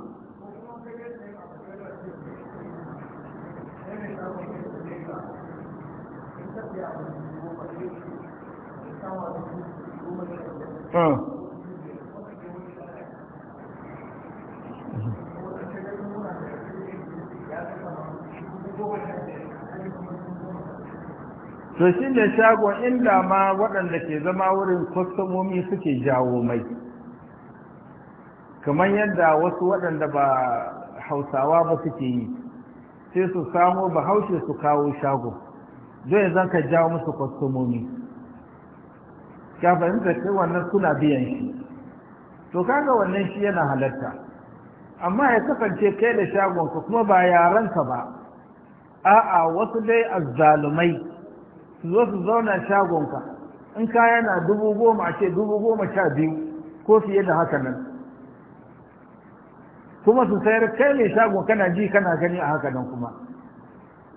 to shi ne shagon inda ma waɗanda ke zama wurin kwastomomi suke jawo mai kamar yadda wasu waɗanda ba hausawa ba suke yi sai su ba bahaushe su kawo shago don yanzu ka jawo musu kwastomomi ka fahimta kai wannan suna biyan shi to kaga wannan shi yana halarta amma ya kasance kai da shagon ka kuma ba yaranka ba a'a wasu dai azzalumai su zo su zauna shagonka in kaya na dubu goma a ce dubu goma sha biyu ko fiye da haka nan kuma su sayar kai mai shagon kana ji kana gani a haka nan kuma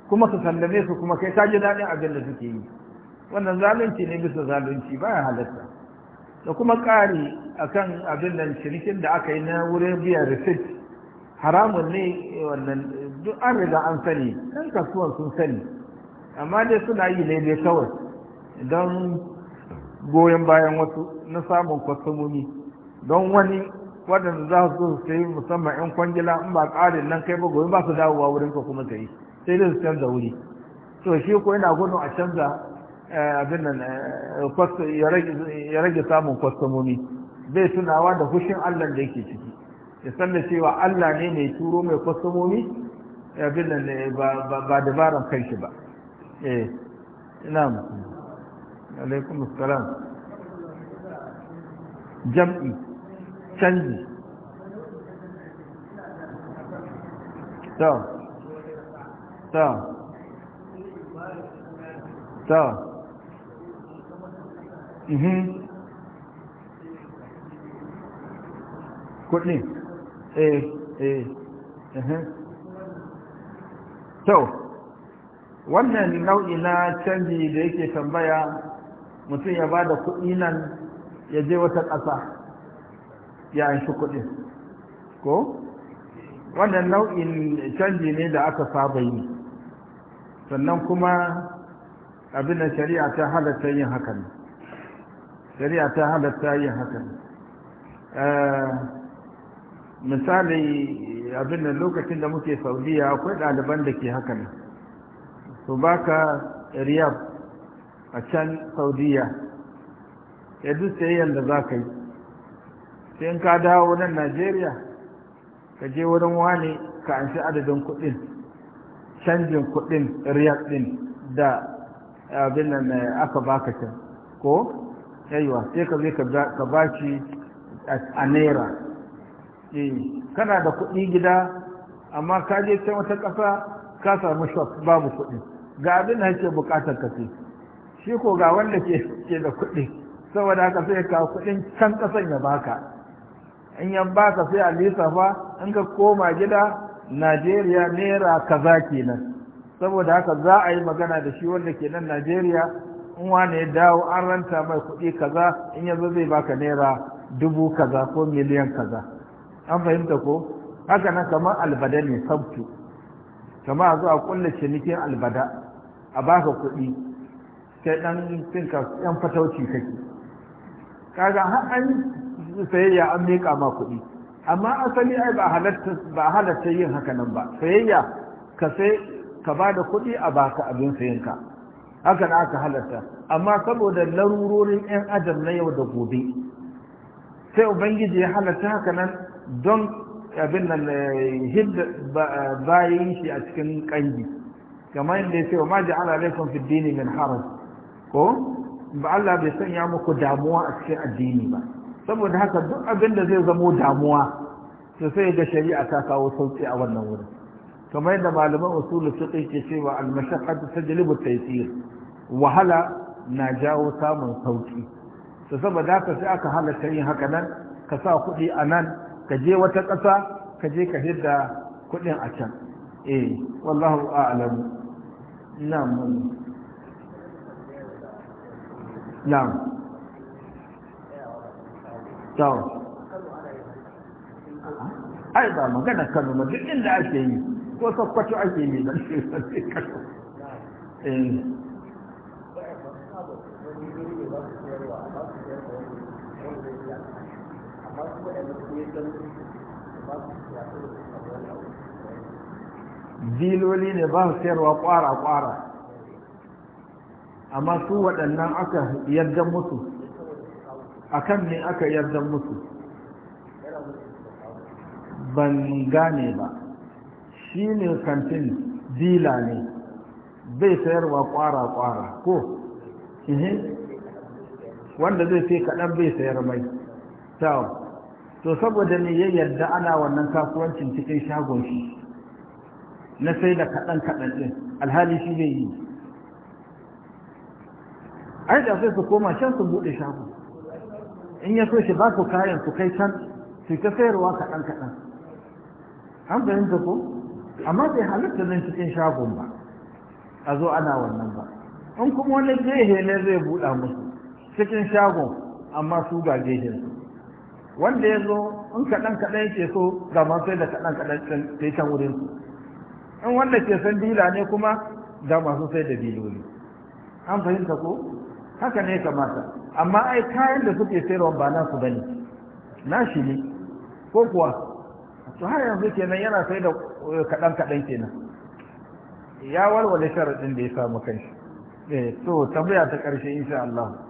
kuma su sallame su kuma kai ka ji daɗin abin da suke yi wannan zalunci ne bisa zalunci baya halatta da kuma ƙari kan abin nan cinikin da aka yi na wurin biyan risit, haramun ne wannan duk an riga an sani ɗan kasuwan sun sani amma dai suna yi ne dai kawai don goyon bayan wasu na samun kwastomomi don wani waɗanda za su su sayi musamman 'yan kwangila in ba ƙarin nan kai ba gobe ba su dawowa wurin ka kuma yi sai dai su canza wuri to shi ko yana gudun a canza eh, abin nan eh, ya rage samun kwastomomi bai tunawa da hushin allah da yake ciki ya san da cewa allah ne mai turo mai kwastomomi abin nan eh, ba dabaran shi ba eh ina mutum alaikum assalam jam'i canji ta ta ta mhm kudin eh eh mhm. to wannan nau'i na canji da yake tambaya mutum ya bada da kuɗi nan ya je wata ƙasa ya shi kuɗin ko wannan nau'in canji ne da aka saba yi sannan kuma abin da shari'a ta halatta yin hakan shari'a ta halatta yin hakan eh, misali abin da lokacin da muke saudiya akwai ɗaliban da ke hakan to baka riyab a can saudiya ya duk sai da za ka yi sai in ka dawo nan najeriya ka je wurin wani ka shi adadin kuɗin canjin kuɗin riyab ɗin da abin nan eh, aka baka can ko yayiwa sai ka zai ka shi a naira eh, kana da kuɗi gida amma ka je can wata ƙasa ka samu shop babu kuɗi ga abin da ke bukatar ka ce shi ko ga wanda ke ke da kuɗi saboda haka sai ka kuɗin can ƙasan ya baka in ya baka sai a lissafa in ka koma gida Najeriya naira kaza kenan saboda haka za a yi magana da shi wanda ke nan Najeriya in wane ya dawo an ranta mai kuɗi kaza in yanzu zai baka naira dubu kaza ko miliyan kaza an fahimta ko haka nan kamar albada ne sabtu kamar a zuwa kulle cinikin albada a baka kuɗi sai ɗan cinka ɗan fatauci kake kaga har an sayayya an miƙa ma kuɗi amma asali ai ba halatta ba halatta yin haka nan ba sayayya ka sai ka ba da kuɗi a baka abin sayanka haka na aka halatta amma saboda larurorin 'yan adam na yau da gobe sai ubangiji ya halatta haka nan don abin nan eh, hidda bayan shi a cikin ƙangi kamar yadda ya ce wa ma ja'ala alaikum fi dini min haraj ko ba Allah bai sanya muku damuwa a cikin addini ba saboda haka duk abin da zai zamo damuwa to sai ga shari'a ta kawo sauki a wannan wurin kamar yadda malaman usulul fiqh ke cewa al-mashaqqatu tajlibu at-taysir wahala na jawo samun sauki to saboda haka sai aka halatta yin haka nan ka sa kuɗi a nan ka je wata ƙasa ka je ka hidda kuɗin a can eh wallahu a'lamu na'am na'am to ai ba magana kano ba duk inda ake yi ko sakkwato ake yi da kano eh. ziloli ne ba su sayarwa kwara-kwara amma su waɗannan aka yarda musu kan ne aka yarda musu ban gane ba shi ne kantin dila ne bai sayarwa kwara-kwara ko wanda zai fi kaɗan bai sayar mai to saboda ne ya yarda ana wannan kasuwancin cikin shagon shi na sai da kaɗan kaɗan ɗin alhali shi bai yi ai da sai su koma can su buɗe shafu in ya so shi ba su kayan su kai can su ta sayarwa kaɗan kaɗan an fahimta ko amma bai halitta nan cikin shagon ba a zo ana wannan ba in kuma wani gehe ne zai buɗa musu cikin shagon amma su ga gehen wanda ya zo in kaɗan kaɗan yake so ga masu da kaɗan kaɗan sai can wurin su in wanda ke san dila ne kuma da masu sai da diloli an fahimta ko haka ne kamata amma ai kayan da suke sayarwa ba su bane shi ne ko kuwa to har yanzu kenan yana sai da eh, kaɗan kaɗan kenan ya walwale sharaɗin da ya samu kai eh to tambaya ta ƙarshe insha Allah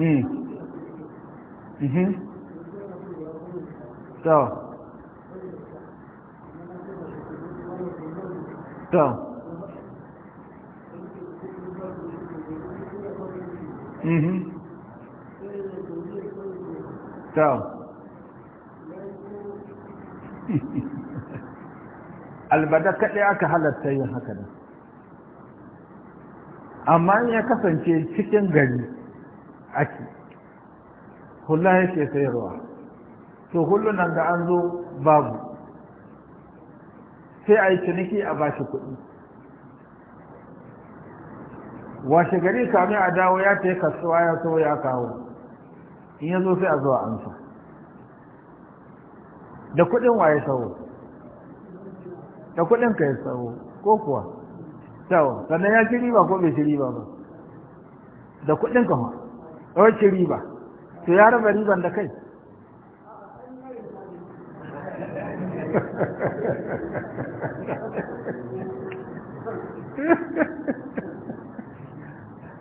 Hmm. Mhm. Mhm. albada kaɗai aka halatta yin haka da amma ya kasance cikin gari ake hula yake sayarwa to kullum nan da an zo babu sai a yi ciniki a ba shi kuɗi washe gari kame a dawo ya ta yi kasuwa ya so ya kawo in ya zo sai a zuwa amsa da kuɗin waye sawo da kuɗin ka ya sawo ko kuwa sawo sannan ya ci riba ko bai ci riba ba da kuɗin ka ma ɗauki riba to ya raba riban da kai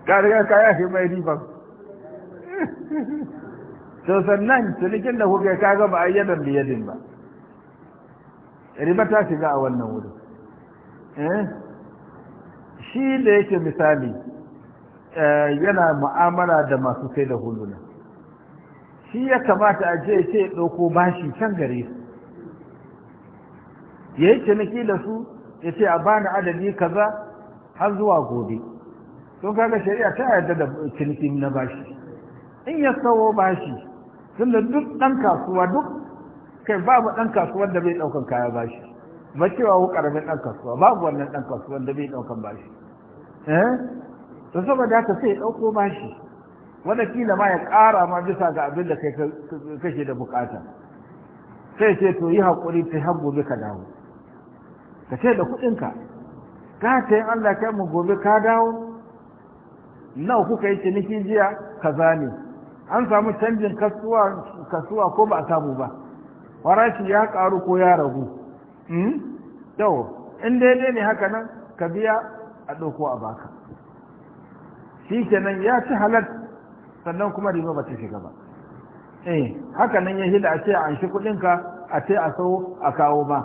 ka riga ka mai riban to sannan cinikin da kuka ka gaba ayyadan biyadin ba riba ta shiga a wannan wurin eh? shi da yake misali eh, yana mu'amala da masu sai da huluna shi ya kamata a je ce ɗauko bashi can gare su ya yi ciniki da su ya ce a bani adadi kaza har zuwa gobe sun kaga shari'a ta yarda da ciniki na bashi in ya sawo bashi sun da duk ɗan kasuwa duk kai babu ɗan kasuwar da bai ɗaukan kaya bashi ba cewa ko ƙaramin ɗan kasuwa babu wannan ɗan kasuwar da bai ɗaukan bashi eh to saboda haka sai ɗauko bashi wanda kila ma ya ƙara ma bisa ga abin da kai kashe da bukata sai ce to yi haƙuri ta har gobe ka dawo ka ce da kuɗinka ka ta yi Allah kai mu gobe ka dawo nawa kuka yi ciniki jiya kaza ne an samu canjin kasuwa kasuwa ko ba a samu ba farashi ya ƙaru ko ya ragu hmm? yau in daidai ne haka nan ka biya a ɗauko a baka shi kenan ya ci halar sannan kuma riba ba ta shiga ba eh haka nan ya hila a ce an shi kuɗinka a ce a sau a kawo ba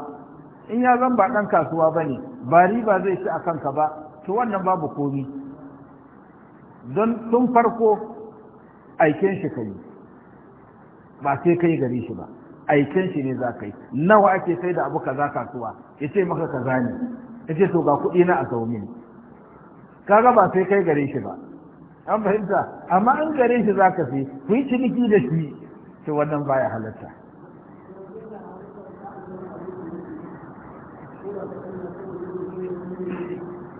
in ya zan ba ɗan kasuwa ba ne ba riba zai shi a kanka ba to wannan babu komi don tun farko aiken shi kai ba sai kai gari shi ba aiken shi ne za ka yi nawa ake sai da abu kaza kasuwa ya ce maka kaza ne ya ce to ga kuɗi na a sau mini kaga ba sai kai gare shi ba an fahimta amma an gare shi za ka fi ku yi ciniki da shi to wannan baya halatta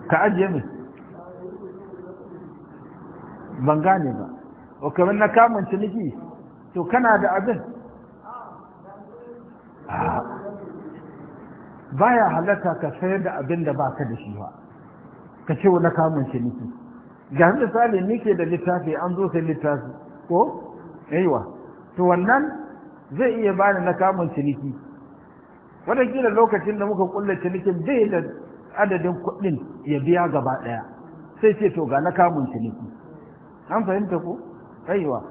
ka ajiye mai ban gane ba o kamar na kamun ciniki to kana da abin baya halatta ka sayar da abin da baka da shi ba ka ce wani kamun ciniki ga misali nike da littafi an zo sai littafi ko aiwa to wannan zai iya bani na kamun ciniki Wadannan lokacin da muka kulle cinikin bai da adadin kuɗin ya biya gaba ɗaya sai ce to ga na kamun ciniki an fahimta ko aiwa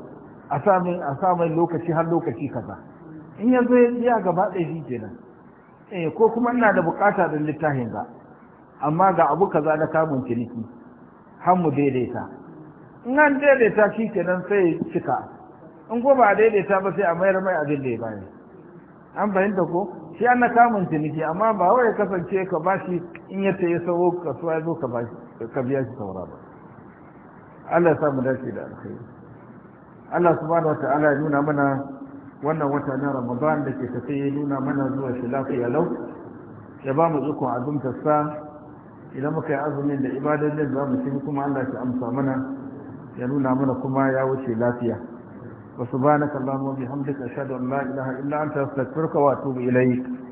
a samun a samun lokaci har lokaci kaza in yanzu ya biya gaba ɗaya shi kenan eh ko kuma ina da bukata da littafin ga amma ga abu kaza na kamun ciniki har mu daidaita in an daidaita shi kenan sai cika in ko ba daidaita ba sai a mayar mai abin da ya bayi an fahimta ko shi ana kamun ciniki amma ba wai kasance ka bashi in ya ta yi sauro kasuwa ya zo ka biya shi saura ba Allah ya samu dace da alkhairi Allah subhanahu wa ta'ala ya nuna mana wannan wata na Ramadan da ke tafiye ya nuna mana zuwa shi lafiya lau ya ba mu tsukun tassa. idan muka yi azumin da ibadodin za mu cikin kuma Allah shi amsa mana ya nuna mana kuma ya wuce lafiya wasu ba na kallon mabi hamdika shaɗa Allah ilaha illa an ta astagfirka wa tubu ilaik